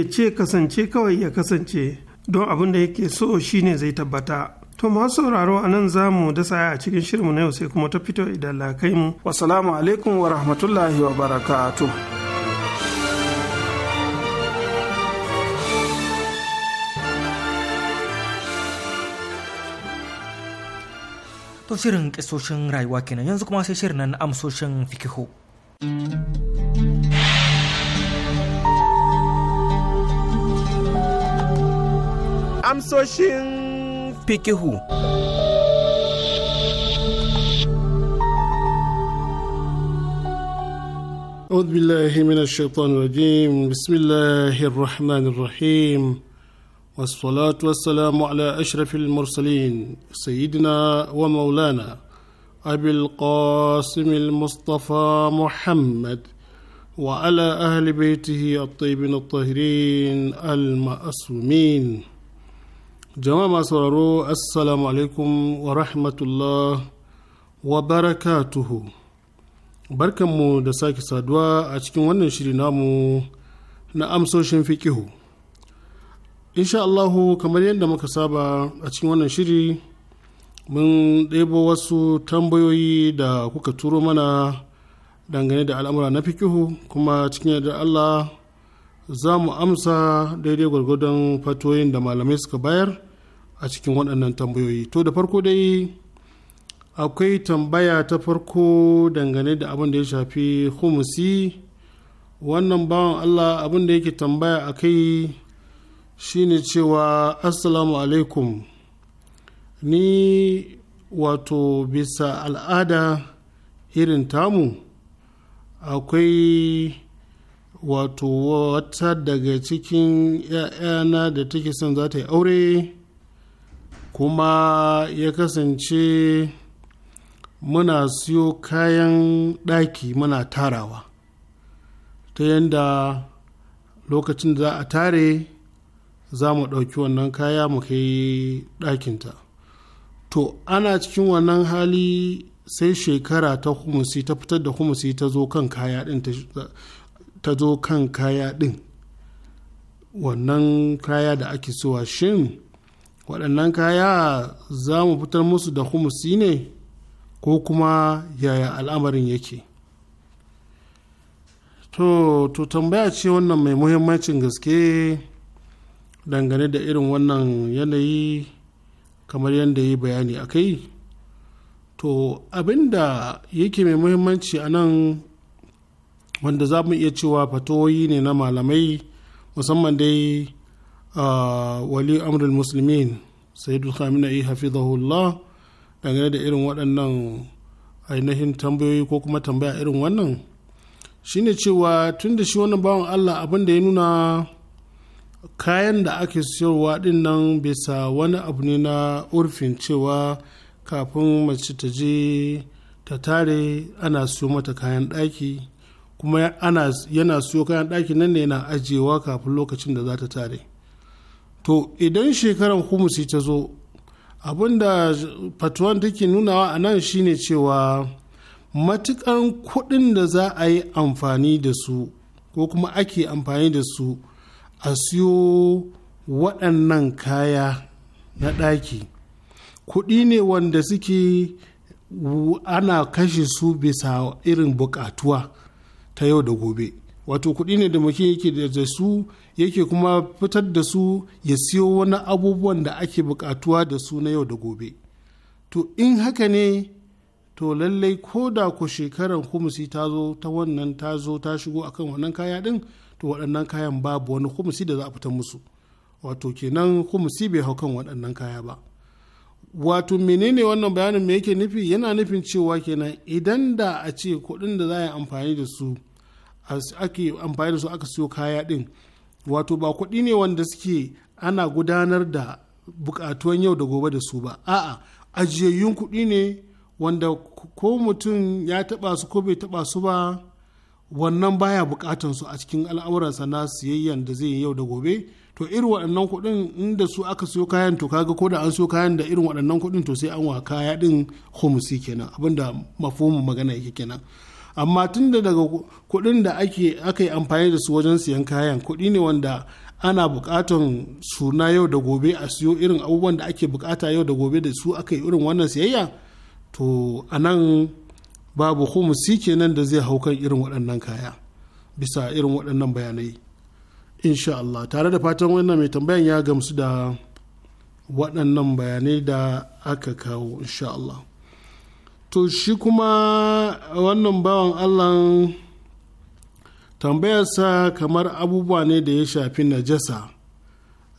ce kasance kawai ya kasance don abin da yake so shine zai tabbata to masu sauraro a nan za mu dasa a cikin shirinmu na yau sai kuma ta fito idan lakai mu wasalamu alaikum wa rahmatullahi wa barakatu. To shirin kisoshin rayuwa kenan yanzu kuma sai shirin nan amsoshin fikihu. amsoshin fikihu. أعوذ بالله من الشيطان الرجيم بسم الله الرحمن الرحيم والصلاة والسلام على أشرف المرسلين سيدنا ومولانا أبي القاسم المصطفى محمد وعلى أهل بيته الطيبين الطاهرين المأسومين jama'a masu sauraro assalamu alaikum wa rahmatullah wa barakatuhu barkanmu da sake saduwa a cikin wannan shiri namu na amsoshin fikihu insha Allahu kamar yadda muka saba a cikin wannan shiri mun ɗebo wasu tambayoyi da kuka turo mana dangane da al'amura na fikihu kuma cikin yadda Allah za mu amsa daidai gwargwadon fatoyin da malamai suka bayar a cikin waɗannan tambayoyi to da farko dai akwai tambaya ta farko dangane da abin da ya shafi humusi wannan bawan allah abin da yake tambaya a kai shine cewa assalamu alaikum ni wato bisa al'ada irin tamu akwai wato wata daga cikin ‘ya'yana da take son za ta yi aure kuma ya kasance muna siyo kayan ɗaki muna tarawa ta yadda lokacin da za a tare za mu ɗauki wannan kaya mu kai ɗakinta to ana cikin wannan hali sai shekara ta humusi ta fitar da humusi ta zo kan kaya ɗin ta zo kan kaya ɗin wannan kaya da ake sowa shin waɗannan kaya za mu fitar musu da humusi ne ko kuma yaya al'amarin yake to to tambaya ce wannan mai muhimmancin gaske dangane da irin wannan yanayi kamar yadda yi bayani a kai to abinda yake mai muhimmanci a nan wanda za mu iya cewa fatoyi ne na malamai musamman dai wali amrul musulmin sayyidul khamenei hafizahullah dangane da irin waɗannan ainihin tambayoyi ko kuma tambaya irin wannan shine cewa tun da shi wannan bawan allah abin da ya nuna kayan da ake siyarwa din nan bisa wani abu ne na urfin cewa kafin mace ta je ta tare ana siyo mata kayan ɗaki kuma ana yana siyo kayan ɗaki nan ne yana ajiyewa kafin lokacin da za ta tare to idan shekaran humusi ta zo abinda fatuwan take nunawa a nan shine cewa matukan kuɗin da za a yi amfani da su ko kuma ake amfani da su a siyo waɗannan kaya na ɗaki kuɗi ne wanda suke ana kashe su bisa irin buƙatuwa ta yau da gobe wato kuɗi ne da mutum yake da su yake kuma fitar da su ya siyo wani abubuwan da ake buƙatuwa da su na yau da gobe to in haka ne to lallai ko da ku shekaran kumusi ta zo ta wannan ta zo ta shigo akan wannan kaya ɗin to waɗannan kayan babu wani kumusi da za a fitar musu wato kenan kumusi bai hau kan waɗannan kaya ba wato menene wannan bayanin me yake nufi yana nufin cewa kenan idan da a ce kuɗin da za a yi amfani da su ake amfani da su aka siyo kaya din wato ba kuɗi ne wanda suke ana gudanar da bukatuwan yau da gobe da su ba a'a ajiyayyun kuɗi ne wanda ko mutum ya taɓa su ko bai taɓa su ba wannan baya bukatan su a cikin al'amuransa na siyayyan da zai yi yau da gobe to irin waɗannan kuɗin inda su aka siyo kayan to kaga ko da an siyo kayan da irin waɗannan kuɗin to sai an wa kaya ɗin homsi kenan abinda mafomin magana yake kenan amma tun da daga kuɗin da aka yi amfani da su wajen siyan kayan kuɗi ne wanda ana buƙatar suna yau da gobe a siyo irin abubuwan da ake buƙata yau da gobe da su aka yi irin wannan siyayya to a nan babu humusi kenan da zai hau kan irin waɗannan kaya bisa irin waɗannan bayanai insha Allah tare da fatan wannan mai tambayan ya gamsu da waɗannan bayanai da aka kawo insha Allah to shi kuma wannan bawan allah tambayarsa kamar abubuwa ne da ya shafi najasa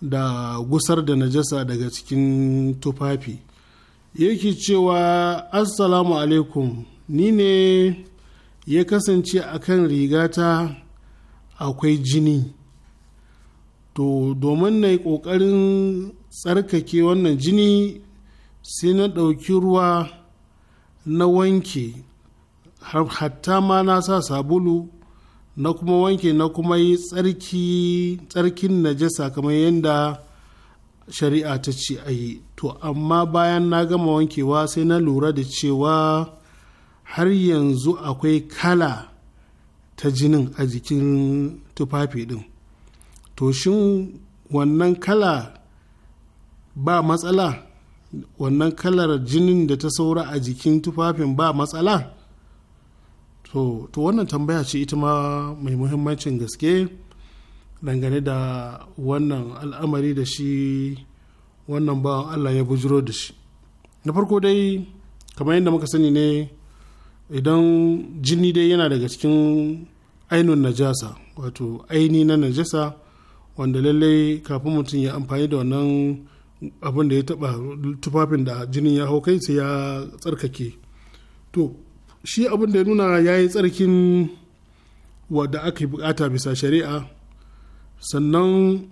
da gusar da najasa daga cikin tufafi yake cewa assalamu alaikum ni ne ya kasance a kan rigata akwai jini to domin na yi ƙoƙarin tsarkake wannan jini sai na ɗauki ruwa na wanke hatta ma na sa sabulu na kuma wanke na kuma yi tsarki tsarkin najasa kamar yadda shari'a ta ce a yi to amma bayan na gama wankewa sai na lura da cewa har yanzu akwai kala ta jinin a jikin tufafi din to shin wannan kala ba matsala wannan kalar jinin da ta saura a jikin tufafin ba matsala to wannan tambaya ce ita ma mai muhimmancin gaske dangane da wannan al'amari da shi wannan bawan allah ya bujiro da shi na farko dai kamar yadda muka sani ne idan jini dai yana daga cikin ainihin najasa wato aini na najasa wanda lallai kafin mutum ya amfani da wannan abin da ya taba tufafin da jinin ya hau kai sai ya tsarkake to shi abin da ya nuna ya yi tsarkin wadda aka yi bukata bisa shari'a sannan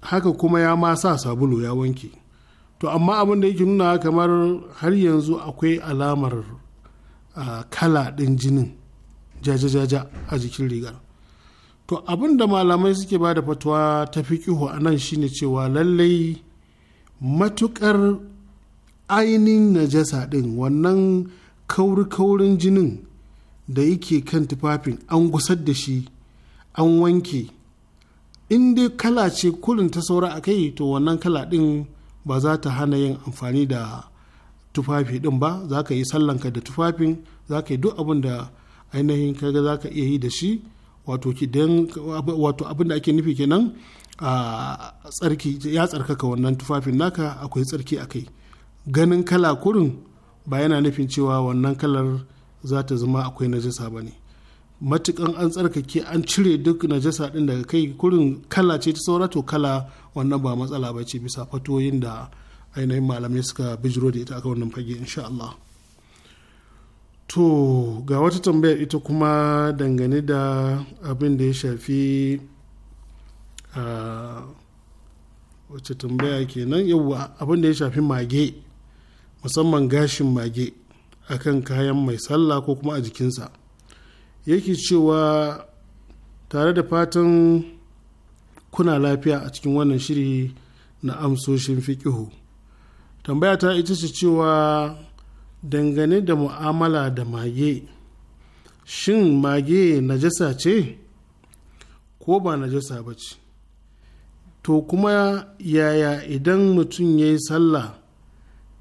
haka kuma ya ma sa sabulu ya wanke to amma abin da yake nuna kamar har yanzu akwai alamar kala ɗin jinin jajajaja a jikin rigar to abin da malamai suke ba da fatuwa ta fi a nan shine cewa lallai matukar ainihin najasa ɗin wannan kauri-kaurin jinin da yake kan tufafin an gusar da shi an wanke in dai kala ce kulin ta saura a kai to wannan kala ɗin ba za ta hana yin amfani da tufafi ɗin ba za ka yi sallanka da tufafin za ka yi duk abin da ainihin kaga za ka iya yi da shi wato abin da ake nufi kenan a tsarki ya tsarkaka wannan tufafin naka akwai tsarki a kai ganin kala kurin ba yana nufin cewa wannan kalar za ta zama akwai najasa ba ne matukan an tsarkake an cire duk najasa din daga kai kurin kala ce ta saura to kala wannan ba matsala ba ce bisa fatoyin da ainihin malamai suka bijiro da ita aka wannan fage insha Allah to ga wata tambayar ita kuma dangane da abin da ya shafi wace tambaya kenan yauwa abin da ya shafi mage musamman gashin mage a kan kayan mai sallah ko kuma a jikinsa yake cewa tare da fatan kuna lafiya a cikin wannan shiri na amsoshin fikihu tambaya ta ita ce cewa dangane da mu'amala da mage shin mage najasa ce ko ba najasa ba ce to kuma yaya idan mutum ya yi sallah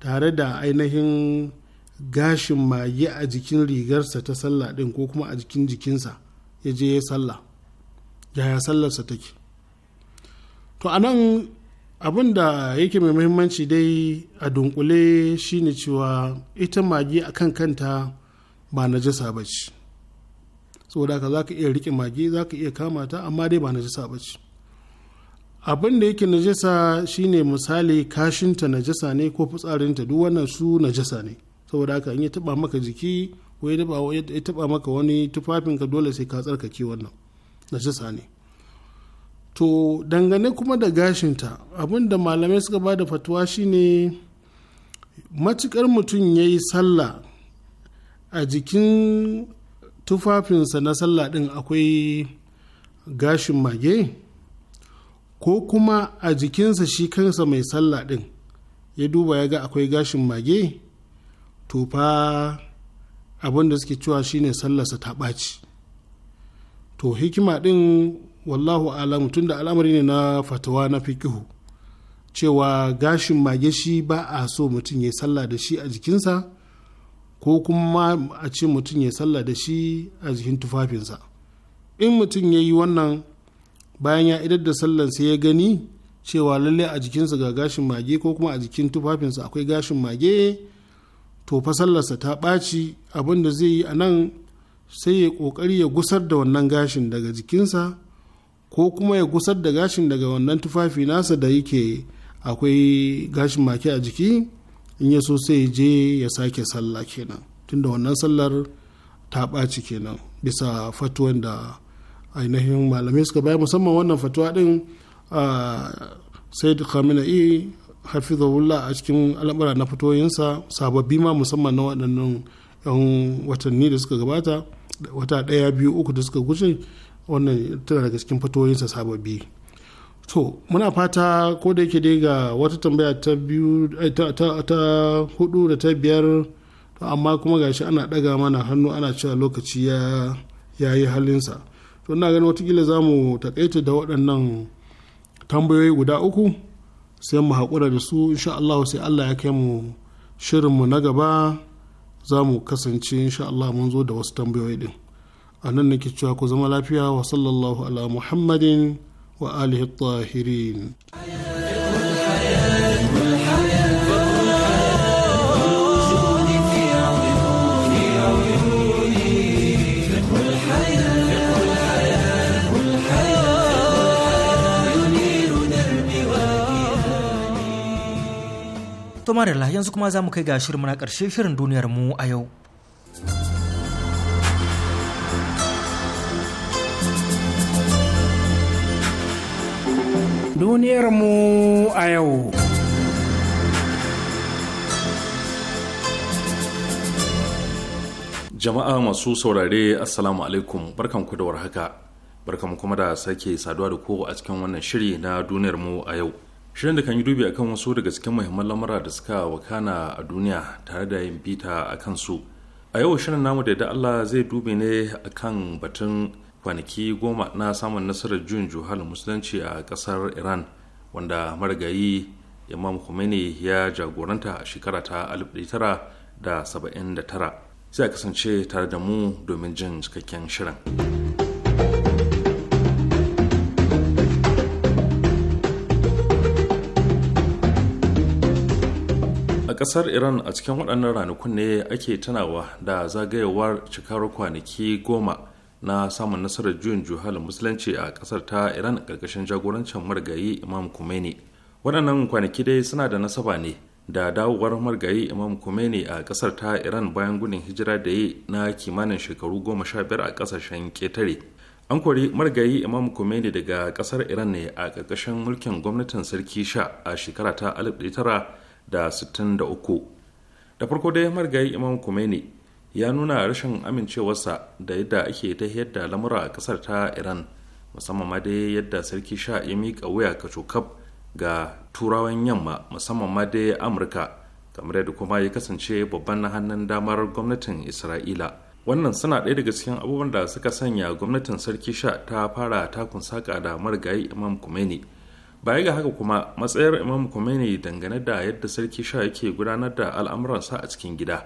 tare da ainihin gashin mage a jikin rigarsa ta sallah ɗin ko kuma a jikin jikinsa ya je ya sallah yaya sallarsa take to a nan abin da yake mai muhimmanci dai a dunkule shine cewa ita mage a kan kanta ba jisa ba ce saboda ka za ka iya rike mage za ka iya kamata amma dai ba jisa ba ce abin da yake najasa shine misali kashinta najasa ne ko fitsarinta duk wannan su najasa ne saboda haka in ya taba maka jiki ko ya taba maka wani tufafinka dole sai ka tsarkake wannan najasa ne to dangane kuma da gashinta abin da malamai suka ba da fatuwa shine matukar mutum ya yi sallah a jikin tufafinsa na sallah din akwai gashin mage ko kuma a jikinsa shi kansa mai sallah ɗin ya duba ya ga akwai gashin mage to fa abin da suke cewa shine sallarsa ta ɓaci to hikima ɗin wallahu alamu tun da al'amari ne na fatawa na fikihu cewa gashin mage shi ba a so mutum ya sallah da shi a jikinsa ko kuma a ce mutum ya sallah da shi a jikin tufafinsa in mutum ya yi wannan bayan ya idar da sallan sai ya gani cewa lalle a jikinsa ga gashin mage ko kuma a jikin tufafinsa akwai gashin mage to fa sallarsa ta ɓaci abin da zai yi a nan sai ya ƙoƙari ya gusar da wannan gashin daga jikinsa ko kuma ya gusar da gashin daga wannan tufafi nasa da yake akwai gashin mage a jiki in ya so sai ya je ya sake sallah kenan tunda wannan sallar ta ɓaci kenan bisa fatuwan da ainihin malamai suka bayar musamman wannan fatuwa din said khamenei hafizahullah a cikin al'amura na fatoyinsa sababbi ma musamman na waɗannan yan watanni da suka gabata wata ɗaya biyu uku da suka gushe wannan tana daga cikin fatoyinsa sababbi to muna fata ko da yake daga ga wata tambaya ta biyu eh, ta hudu da ta biyar amma kuma gashi ana ɗaga mana hannu ana cewa lokaci ya yi halinsa to ina ganin watakila za mu takaita da waɗannan tambayoyi guda uku sai mu haƙura da su insha Allah sai Allah ya kai mu shirin mu na gaba za mu kasance insha Allah mun zo da wasu tambayoyi din a nan nake cewa ku zama lafiya wa sallallahu ala muhammadin wa alihi tahirin. To Marilla yanzu kuma za mu kai ga shirin na ƙarshe shirin duniyar mu a yau. Duniyar mu a yau. Jama'a masu saurare Assalamu alaikum barkanku da warhaka. Barkanku kuma da sake saduwa da ku a cikin wannan shiri na duniyar mu a yau. shirin da kan yi dubi a kan wasu daga cikin muhimman lamura da suka wakana a duniya tare da yin bita a kansu a yau shirin namu da da allah zai dubi ne a kan batun kwanaki goma na samun nasarar juyin juhal musulunci a kasar iran wanda marigayi imam khomeini ya jagoranta a shekara ta 1979 sai a kasance tare da mu domin jin cikakken shirin. a ƙasar iran a cikin waɗannan ranakun ne ake tunawa da zagayewar cikar kwanaki goma na samun nasarar juyin juhalin musulunci a ƙasar ta iran ƙarƙashin jagorancin margayi imam kumeni waɗannan kwanaki dai suna da nasaba ne da dawowar margayi imam kumeni a ƙasar ta iran bayan gudun hijira da yi na kimanin shekaru goma sha biyar a ƙasashen ketare an kori margayi imam kumeni daga kasar iran ne a ƙarƙashin mulkin gwamnatin sarki sha a shekara ta tara. da 63 da farko dai marigayi imam kumeni ya nuna rashin amincewarsa da yadda ake ta yadda lamura a kasar ta iran musamman ma dai yadda sarki sha ya mika wuya ka cokab ga turawan yamma musamman ma dai amurka kamar yadda kuma ya kasance babban na hannun damar gwamnatin isra'ila wannan suna ɗaya daga cikin abubuwan da suka sanya gwamnatin sarki sha ta fara takun saka da marigayi imam kumeni baya ga haka kuma matsayar imam Khomeini dangane da yadda sarki sha yake gudanar da al'amuransa a cikin gida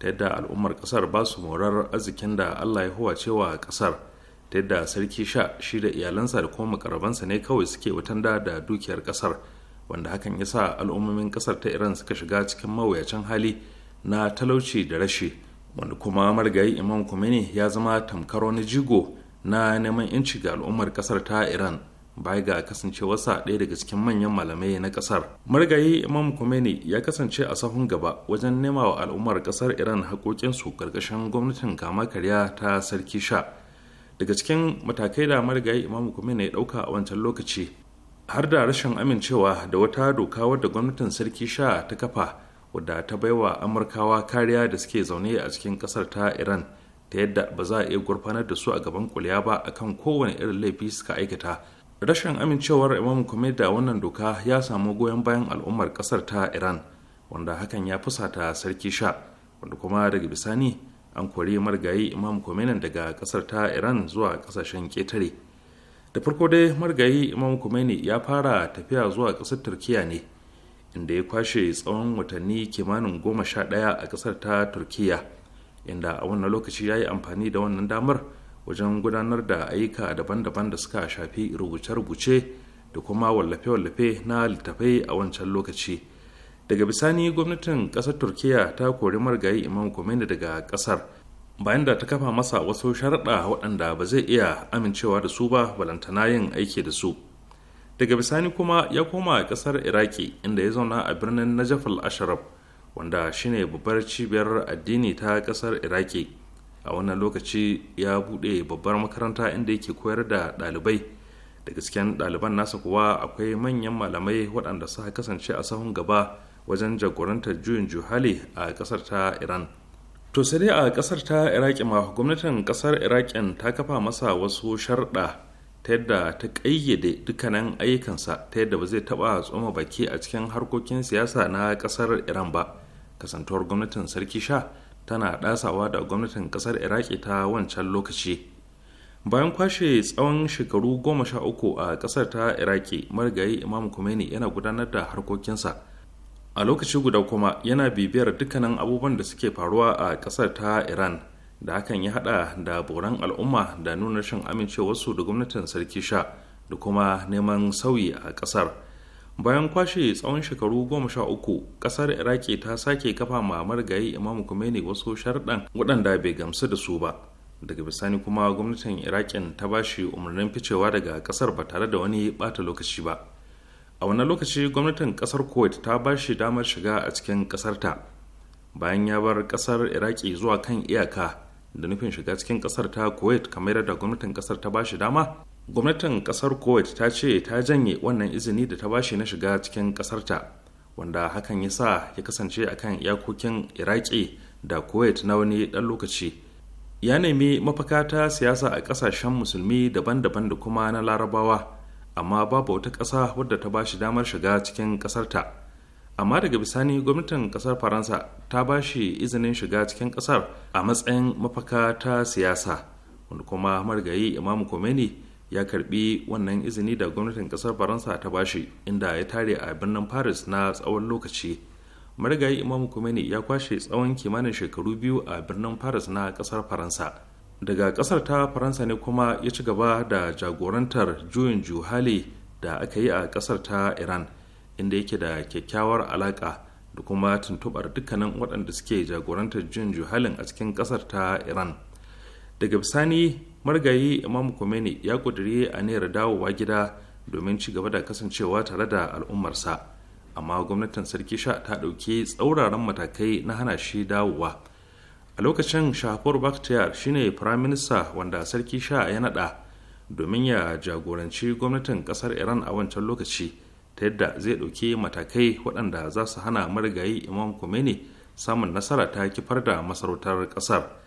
ta yadda al'ummar kasar ba su morar arzikin da allah ya huwace wa kasar ta yadda sarki sha shi da iyalansa da kuma makarabansa ne kawai suke wutanda da dukiyar kasar wanda hakan ya sa al'ummomin kasar ta iran suka shiga cikin mawuyacin hali na talauci da rashi wanda kuma marigayi imam Khomeini ya zama tamkar wani jigo na neman 'yanci ga al'ummar kasar ta iran baya ga wasa ɗaya daga cikin manyan malamai na ƙasar. Marigayi Imam Khomeini ya kasance a sahun gaba wajen nema wa al'ummar ƙasar Iran haƙoƙinsu ƙarƙashin gwamnatin kama karya ta sarki sha. Daga cikin matakai da marigayi Imam Khomeini ya ɗauka a wancan lokaci har da rashin amincewa da wata doka wadda gwamnatin sarki sha ta kafa wadda ta bai wa amurkawa kariya da suke zaune a cikin ƙasar ta iran ta yadda ba za a iya gurfanar da su a gaban kuliya ba akan kowane irin laifi suka aikata rashin amincewar imam kome da wannan doka ya samu goyon bayan al'ummar kasar ta iran wanda hakan ya fusata sarki sha wanda kuma daga bisani an kori marigayi imam nan daga kasar ta iran zuwa kasashen ketare da farko dai marigayi imam ne ya fara tafiya zuwa kasar turkiya ne inda ya kwashe tsawon watanni kimanin goma sha ɗaya a kasar ta turkiya inda a wannan lokaci ya yi amfani da wannan damar wajen gudanar da ayyuka daban-daban da suka shafi rubuce-rubuce da kuma wallafe-wallafe na littafai a wancan lokaci daga bisani gwamnatin kasar turkiya ta kori margayi imam Khomeini daga kasar bayan da ta kafa masa wasu sharaɗa waɗanda ba zai iya amincewa da su ba balantana yin aiki da su daga bisani kuma ya koma kasar iraki inda ya zauna a birnin najaf al-ashraf wanda shine babbar cibiyar addini ta kasar iraki a wannan lokaci ya bude babbar makaranta inda yake koyar da dalibai da gasken daliban nasa kuwa akwai manyan malamai waɗanda suka kasance a sahun gaba wajen jagorantar juyin juhali a ƙasar ta iran to sai dai a ƙasar ta iraki ma gwamnatin ƙasar iraƙin ta kafa masa wasu sharɗa ta yadda ta ƙayyade dukkanin ayyukansa ta yadda ba zai taɓa tsoma baki a cikin harkokin siyasa na ƙasar iran ba kasantuwar gwamnatin sarki sha tana ɗasawa da gwamnatin ƙasar iraki ta wancan lokaci bayan kwashe tsawon shekaru goma sha uku a ƙasar ta iraki marigayi imam kumeni yana gudanar da harkokinsa a lokaci guda kuma yana bibiyar dukkanin abubuwan da suke faruwa a ƙasar ta iran da hakan ya hada da boran al'umma da nuna shan amincewarsu da gwamnatin sarki sha da kuma neman sauyi a ƙasar bayan kwashe tsawon shekaru goma sha uku kasar iraki ta sake kafa ma margayi imam kumeni wasu sharɗan waɗanda bai gamsu da su ba daga bisani kuma gwamnatin irakin ta ba shi umarnin ficewa daga ƙasar ba tare da wani bata lokaci ba a wannan lokaci gwamnatin ƙasar kuwait ta ba shi damar shiga a cikin kasarta bayan ya bar ƙasar iraki zuwa kan iyaka da nufin shiga cikin ƙasar ta kuwait kamar da gwamnatin ƙasar ta ba shi dama gwamnatin kasar kuwait ta ce ta janye wannan izini da ta bashi na shiga cikin kasarta wanda hakan ya sa ya kasance akan iyakokin iraki da kuwait na wani ɗan lokaci ya nemi mafaka ta siyasa a kasashen musulmi daban-daban da kuma na larabawa amma babu wata ƙasa wadda ta bashi damar shiga cikin ƙasarta amma daga bisani gwamnatin ƙasar faransa ta bashi izinin shiga cikin ƙasar a matsayin mafaka ta siyasa wanda kuma marigayi imamu komeni ya karbi wannan izini da gwamnatin kasar faransa ta bashi inda ya tare a birnin paris na tsawon lokaci marigayi imam kumeni ya kwashe tsawon kimanin shekaru biyu a birnin paris na kasar faransa daga kasar ta faransa ne kuma ya ci gaba da jagorantar juyin juhali da aka yi a kasar ta iran inda yake da kyakkyawar alaka da kuma tuntubar dukkanin waɗanda suke jagorantar juyin juhalin a cikin kasar ta iran daga bisani margayi imam Khomeini ya ƙudiri aniyar dawowa gida domin ci gaba da kasancewa tare da al'ummarsa amma gwamnatin sarki sha ta ɗauki tsauraran matakai na hana shi dawowa a lokacin shahapur bakhtiyar shine firaminista wanda sarki sha ya naɗa domin ya jagoranci gwamnatin ƙasar iran a wancan lokaci ta yadda zai ɗauki matakai waɗanda za su hana marigayi imam Khomeini samun nasara ta kifar da masarautar ƙasar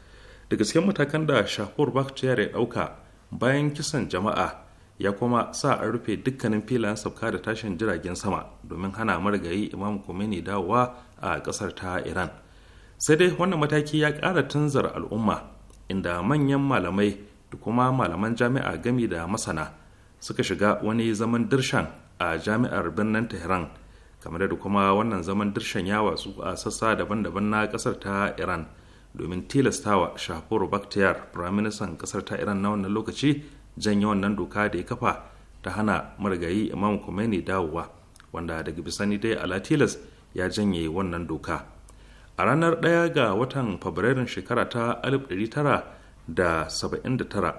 da gaske matakan da shakur bakhtiyar ya ɗauka bayan kisan jama'a ya kuma sa an rufe dukkanin filayen sauka da tashin jiragen sama domin hana marigayi imam Khomeini dawowa a ƙasar ta iran sai dai wannan mataki ya ƙara tunzar al'umma inda manyan malamai da kuma malaman jami'a gami da masana suka shiga wani zaman dirshan a jami'ar birnin tehran kamar da kuma wannan zaman dirshan ya wasu a sassa daban-daban na ƙasar ta iran domin tilastawa shahapur bakhtiyar firaministan kasar ta iran na wannan lokaci janye nan doka da ya kafa ta hana marigayi imam khomeini dawowa wanda daga bisani dai ala tilas ya janye wannan doka a ranar ɗaya ga watan fabrairun shekara ta 1979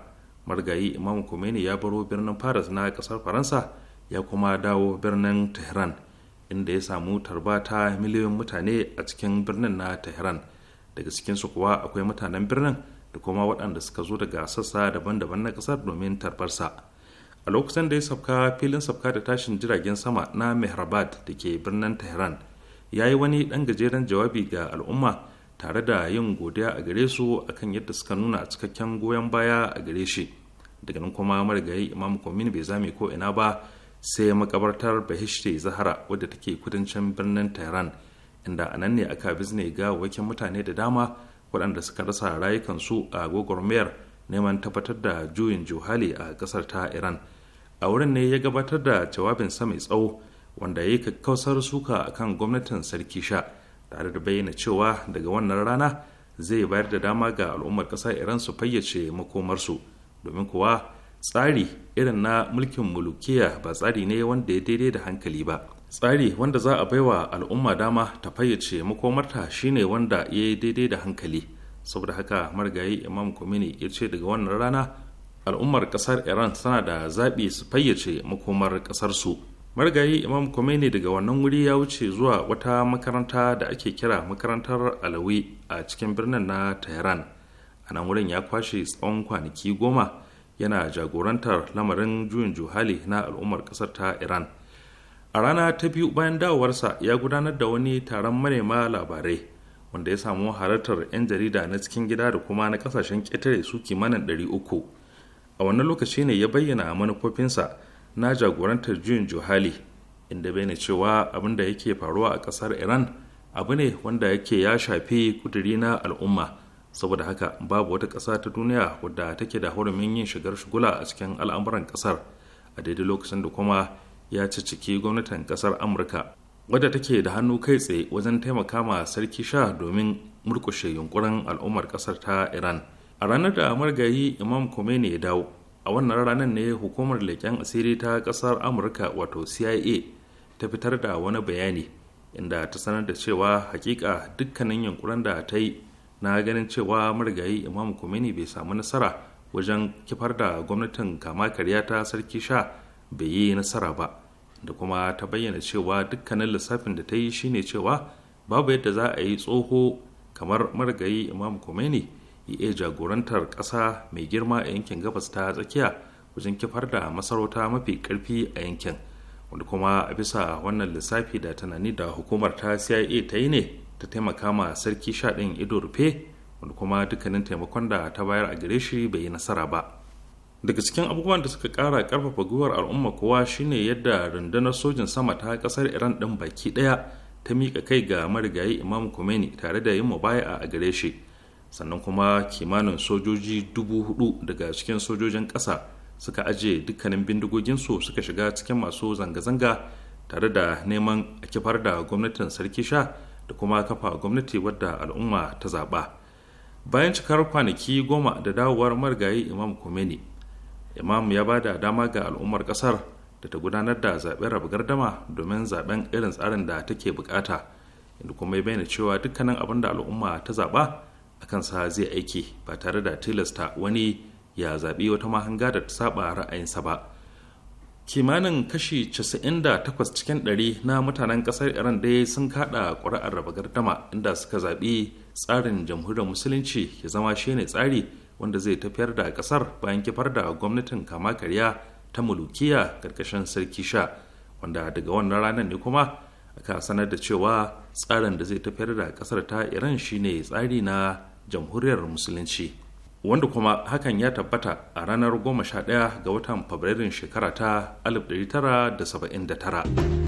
marigayi imam khomeini ya baro birnin paris na kasar faransa ya kuma dawo birnin tehran inda ya samu tarbata ta miliyoyin mutane a cikin birnin na tehran daga cikinsu kuwa akwai mutanen birnin da kuma waɗanda suka zo daga sassa daban-daban na ƙasar domin tarbarsa a lokacin da ya sabka filin sabka da tashin jiragen sama na mehrabad da ke birnin tehran ya yi wani ɗan gajeren jawabi ga al'umma tare da yin godiya a gare su akan yadda suka nuna cikakken goyon baya a gare shi daga nan kuma marigayi imam komin bai zame ko ina ba sai makabartar bahishte zahara wadda take kudancin birnin tehran inda a nan ne aka bizne waken mutane da dama waɗanda suka rasa rayukansu a gwagwarmayar neman tabbatar da juyin juhali a ƙasar ta iran a wurin ne ya gabatar da jawabin sa mai tsawo wanda ya yi kakkausar suka a kan gwamnatin sarki sha tare da bayyana cewa daga wannan rana zai bayar da dama ga al'ummar ƙasar iran su fayyace makomarsu domin kuwa tsari irin na mulkin mulukiya ba tsari ne wanda ya daidai da hankali ba tsari wanda za a baiwa al'umma dama ta fayyace makomarta shine wanda ya yi daidai da hankali saboda haka marigayi imam kumini ya ce daga wannan rana al'ummar kasar iran suna da zaɓi su fayyace makomar ƙasarsu marigayi imam kumini daga wannan wuri ya wuce zuwa wata makaranta da ake kira makarantar alawi a cikin birnin na tehran a nan wurin ya kwashe tsawon kwanaki goma yana jagorantar lamarin juyin juhali na al'ummar kasar ta iran a rana ta biyu bayan dawowarsa ya gudanar da wani taron manema labarai wanda ya samu halartar 'yan jarida na cikin gida da kuma na kasashen ƙetare su kimanin uku a wannan lokaci ne ya bayyana manufofinsa na jagorantar juyin juhali inda bai cewa abin da yake faruwa a ƙasar iran abu ne wanda yake ya shafi kuduri na al'umma saboda haka babu wata ƙasa ta duniya wadda take da hurumin yin shigar shugula a cikin al'amuran ƙasar a daidai lokacin da kuma ya ciki gwamnatin kasar amurka wadda take da hannu kai tsaye wajen taimaka ma sarki sha domin murkushe yunkurin al'ummar kasar ta iran a ranar da margayi imam khomeini ya dawo a wannan ranar ne hukumar leƙen asiri ta kasar amurka wato cia ta fitar da wani bayani inda ta sanar da cewa hakika dukkanin yunkurin da ta yi na ganin cewa marigayi imam khomeini bai samu nasara wajen kifar da gwamnatin kama karya ta sarki sha bai yi nasara ba da kuma ta bayyana cewa dukkanin lissafin da ta yi shine cewa babu yadda za a yi tsoho kamar marigayi imam khomeini ya iya jagorantar ƙasa mai girma a yankin gabas ta tsakiya wajen kifar da masarauta mafi ƙarfi a yankin wanda kuma a bisa wannan lissafi da tunani da hukumar ta cia ta yi ne ta taimaka ma sarki shaɗin ido rufe wanda kuma dukkanin taimakon da ta bayar a gare shi bai yi nasara ba daga cikin abubuwan da suka kara karfafa gwiwar al'umma kowa shine yadda rundunar sojin sama ta kasar iran ɗin baki ɗaya ta miƙa kai ga marigayi imam khomeini tare da yin mubaya a gare shi sannan kuma kimanin sojoji dubu hudu daga cikin sojojin ƙasa suka aje dukkanin bindigoginsu suka shiga cikin masu zanga-zanga tare da neman a kifar da gwamnatin sarki sha da kuma kafa gwamnati wadda al'umma ta zaɓa bayan cikar kwanaki goma da dawowar marigayi imam khomeini imam ya ba da dama ga al'ummar kasar da ta gudanar da zaɓen raba gardama domin zaɓen irin tsarin da take bukata inda kuma ya bayyana cewa dukkanin abin da al'umma ta zaba kan sa zai aiki ba tare da tilasta wani ya zaɓi wata mahanga da ta saba ra'ayinsa ba kimanin kashi 98 cikin 100 na mutanen kasar iran dai sun kaɗa ƙuri'ar raba gardama inda suka zaɓi tsarin jamhuriyar musulunci ya zama shine tsari wanda zai tafiyar da kasar bayan kifar da gwamnatin kama karya ta mulukiya karkashin sarki sha wanda daga wannan ranar ne kuma aka sanar da cewa tsarin da zai tafiyar da kasar ta iran shine tsari na jamhuriyar musulunci wanda kuma hakan ya tabbata a ranar 11 ga watan fabrairun shekara ta 1979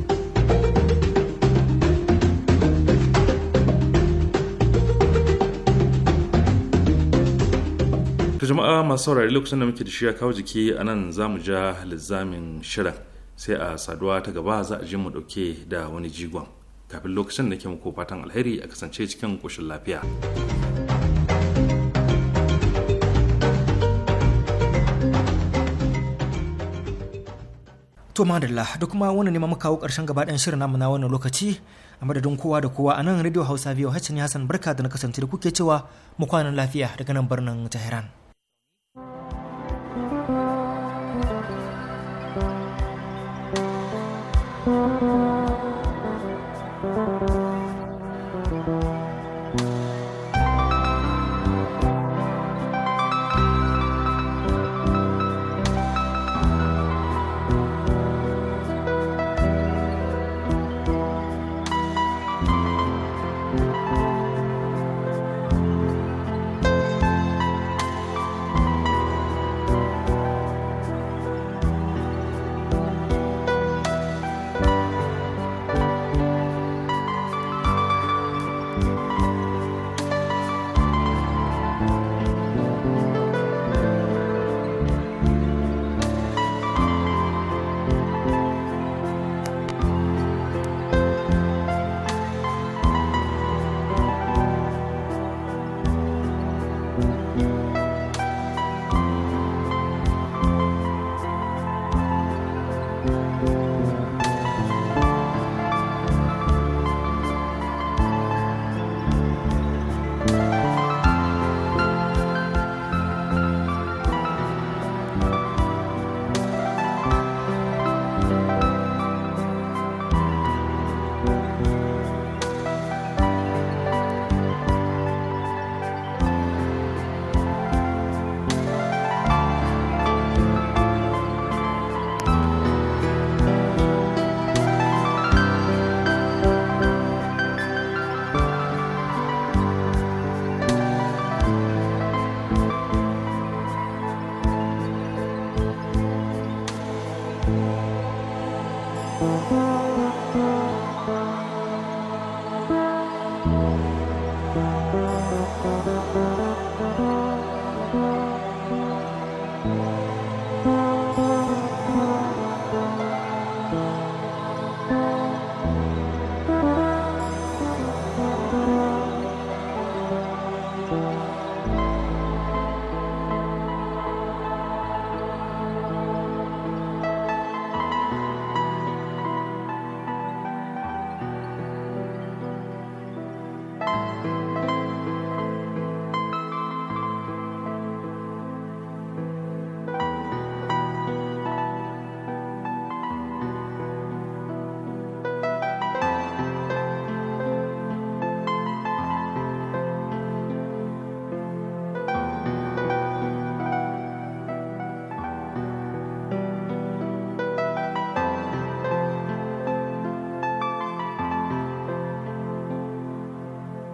jama'a masu saurari lokacin da muke da shi ya kawo jiki a nan za mu ja lizamin shirin sai a saduwa ta gaba za a je mu dauke da wani jigon kafin lokacin da ke muku fatan alheri a kasance cikin ƙoshin lafiya. To madalla da kuma wani ne kawo karshen gaba ɗayan shirin namu na lokaci a madadin kowa da kowa a nan Radio Hausa biyu Hassan Hassan barka da na kasance da kuke cewa mu kwanan lafiya daga nan birnin Tehran.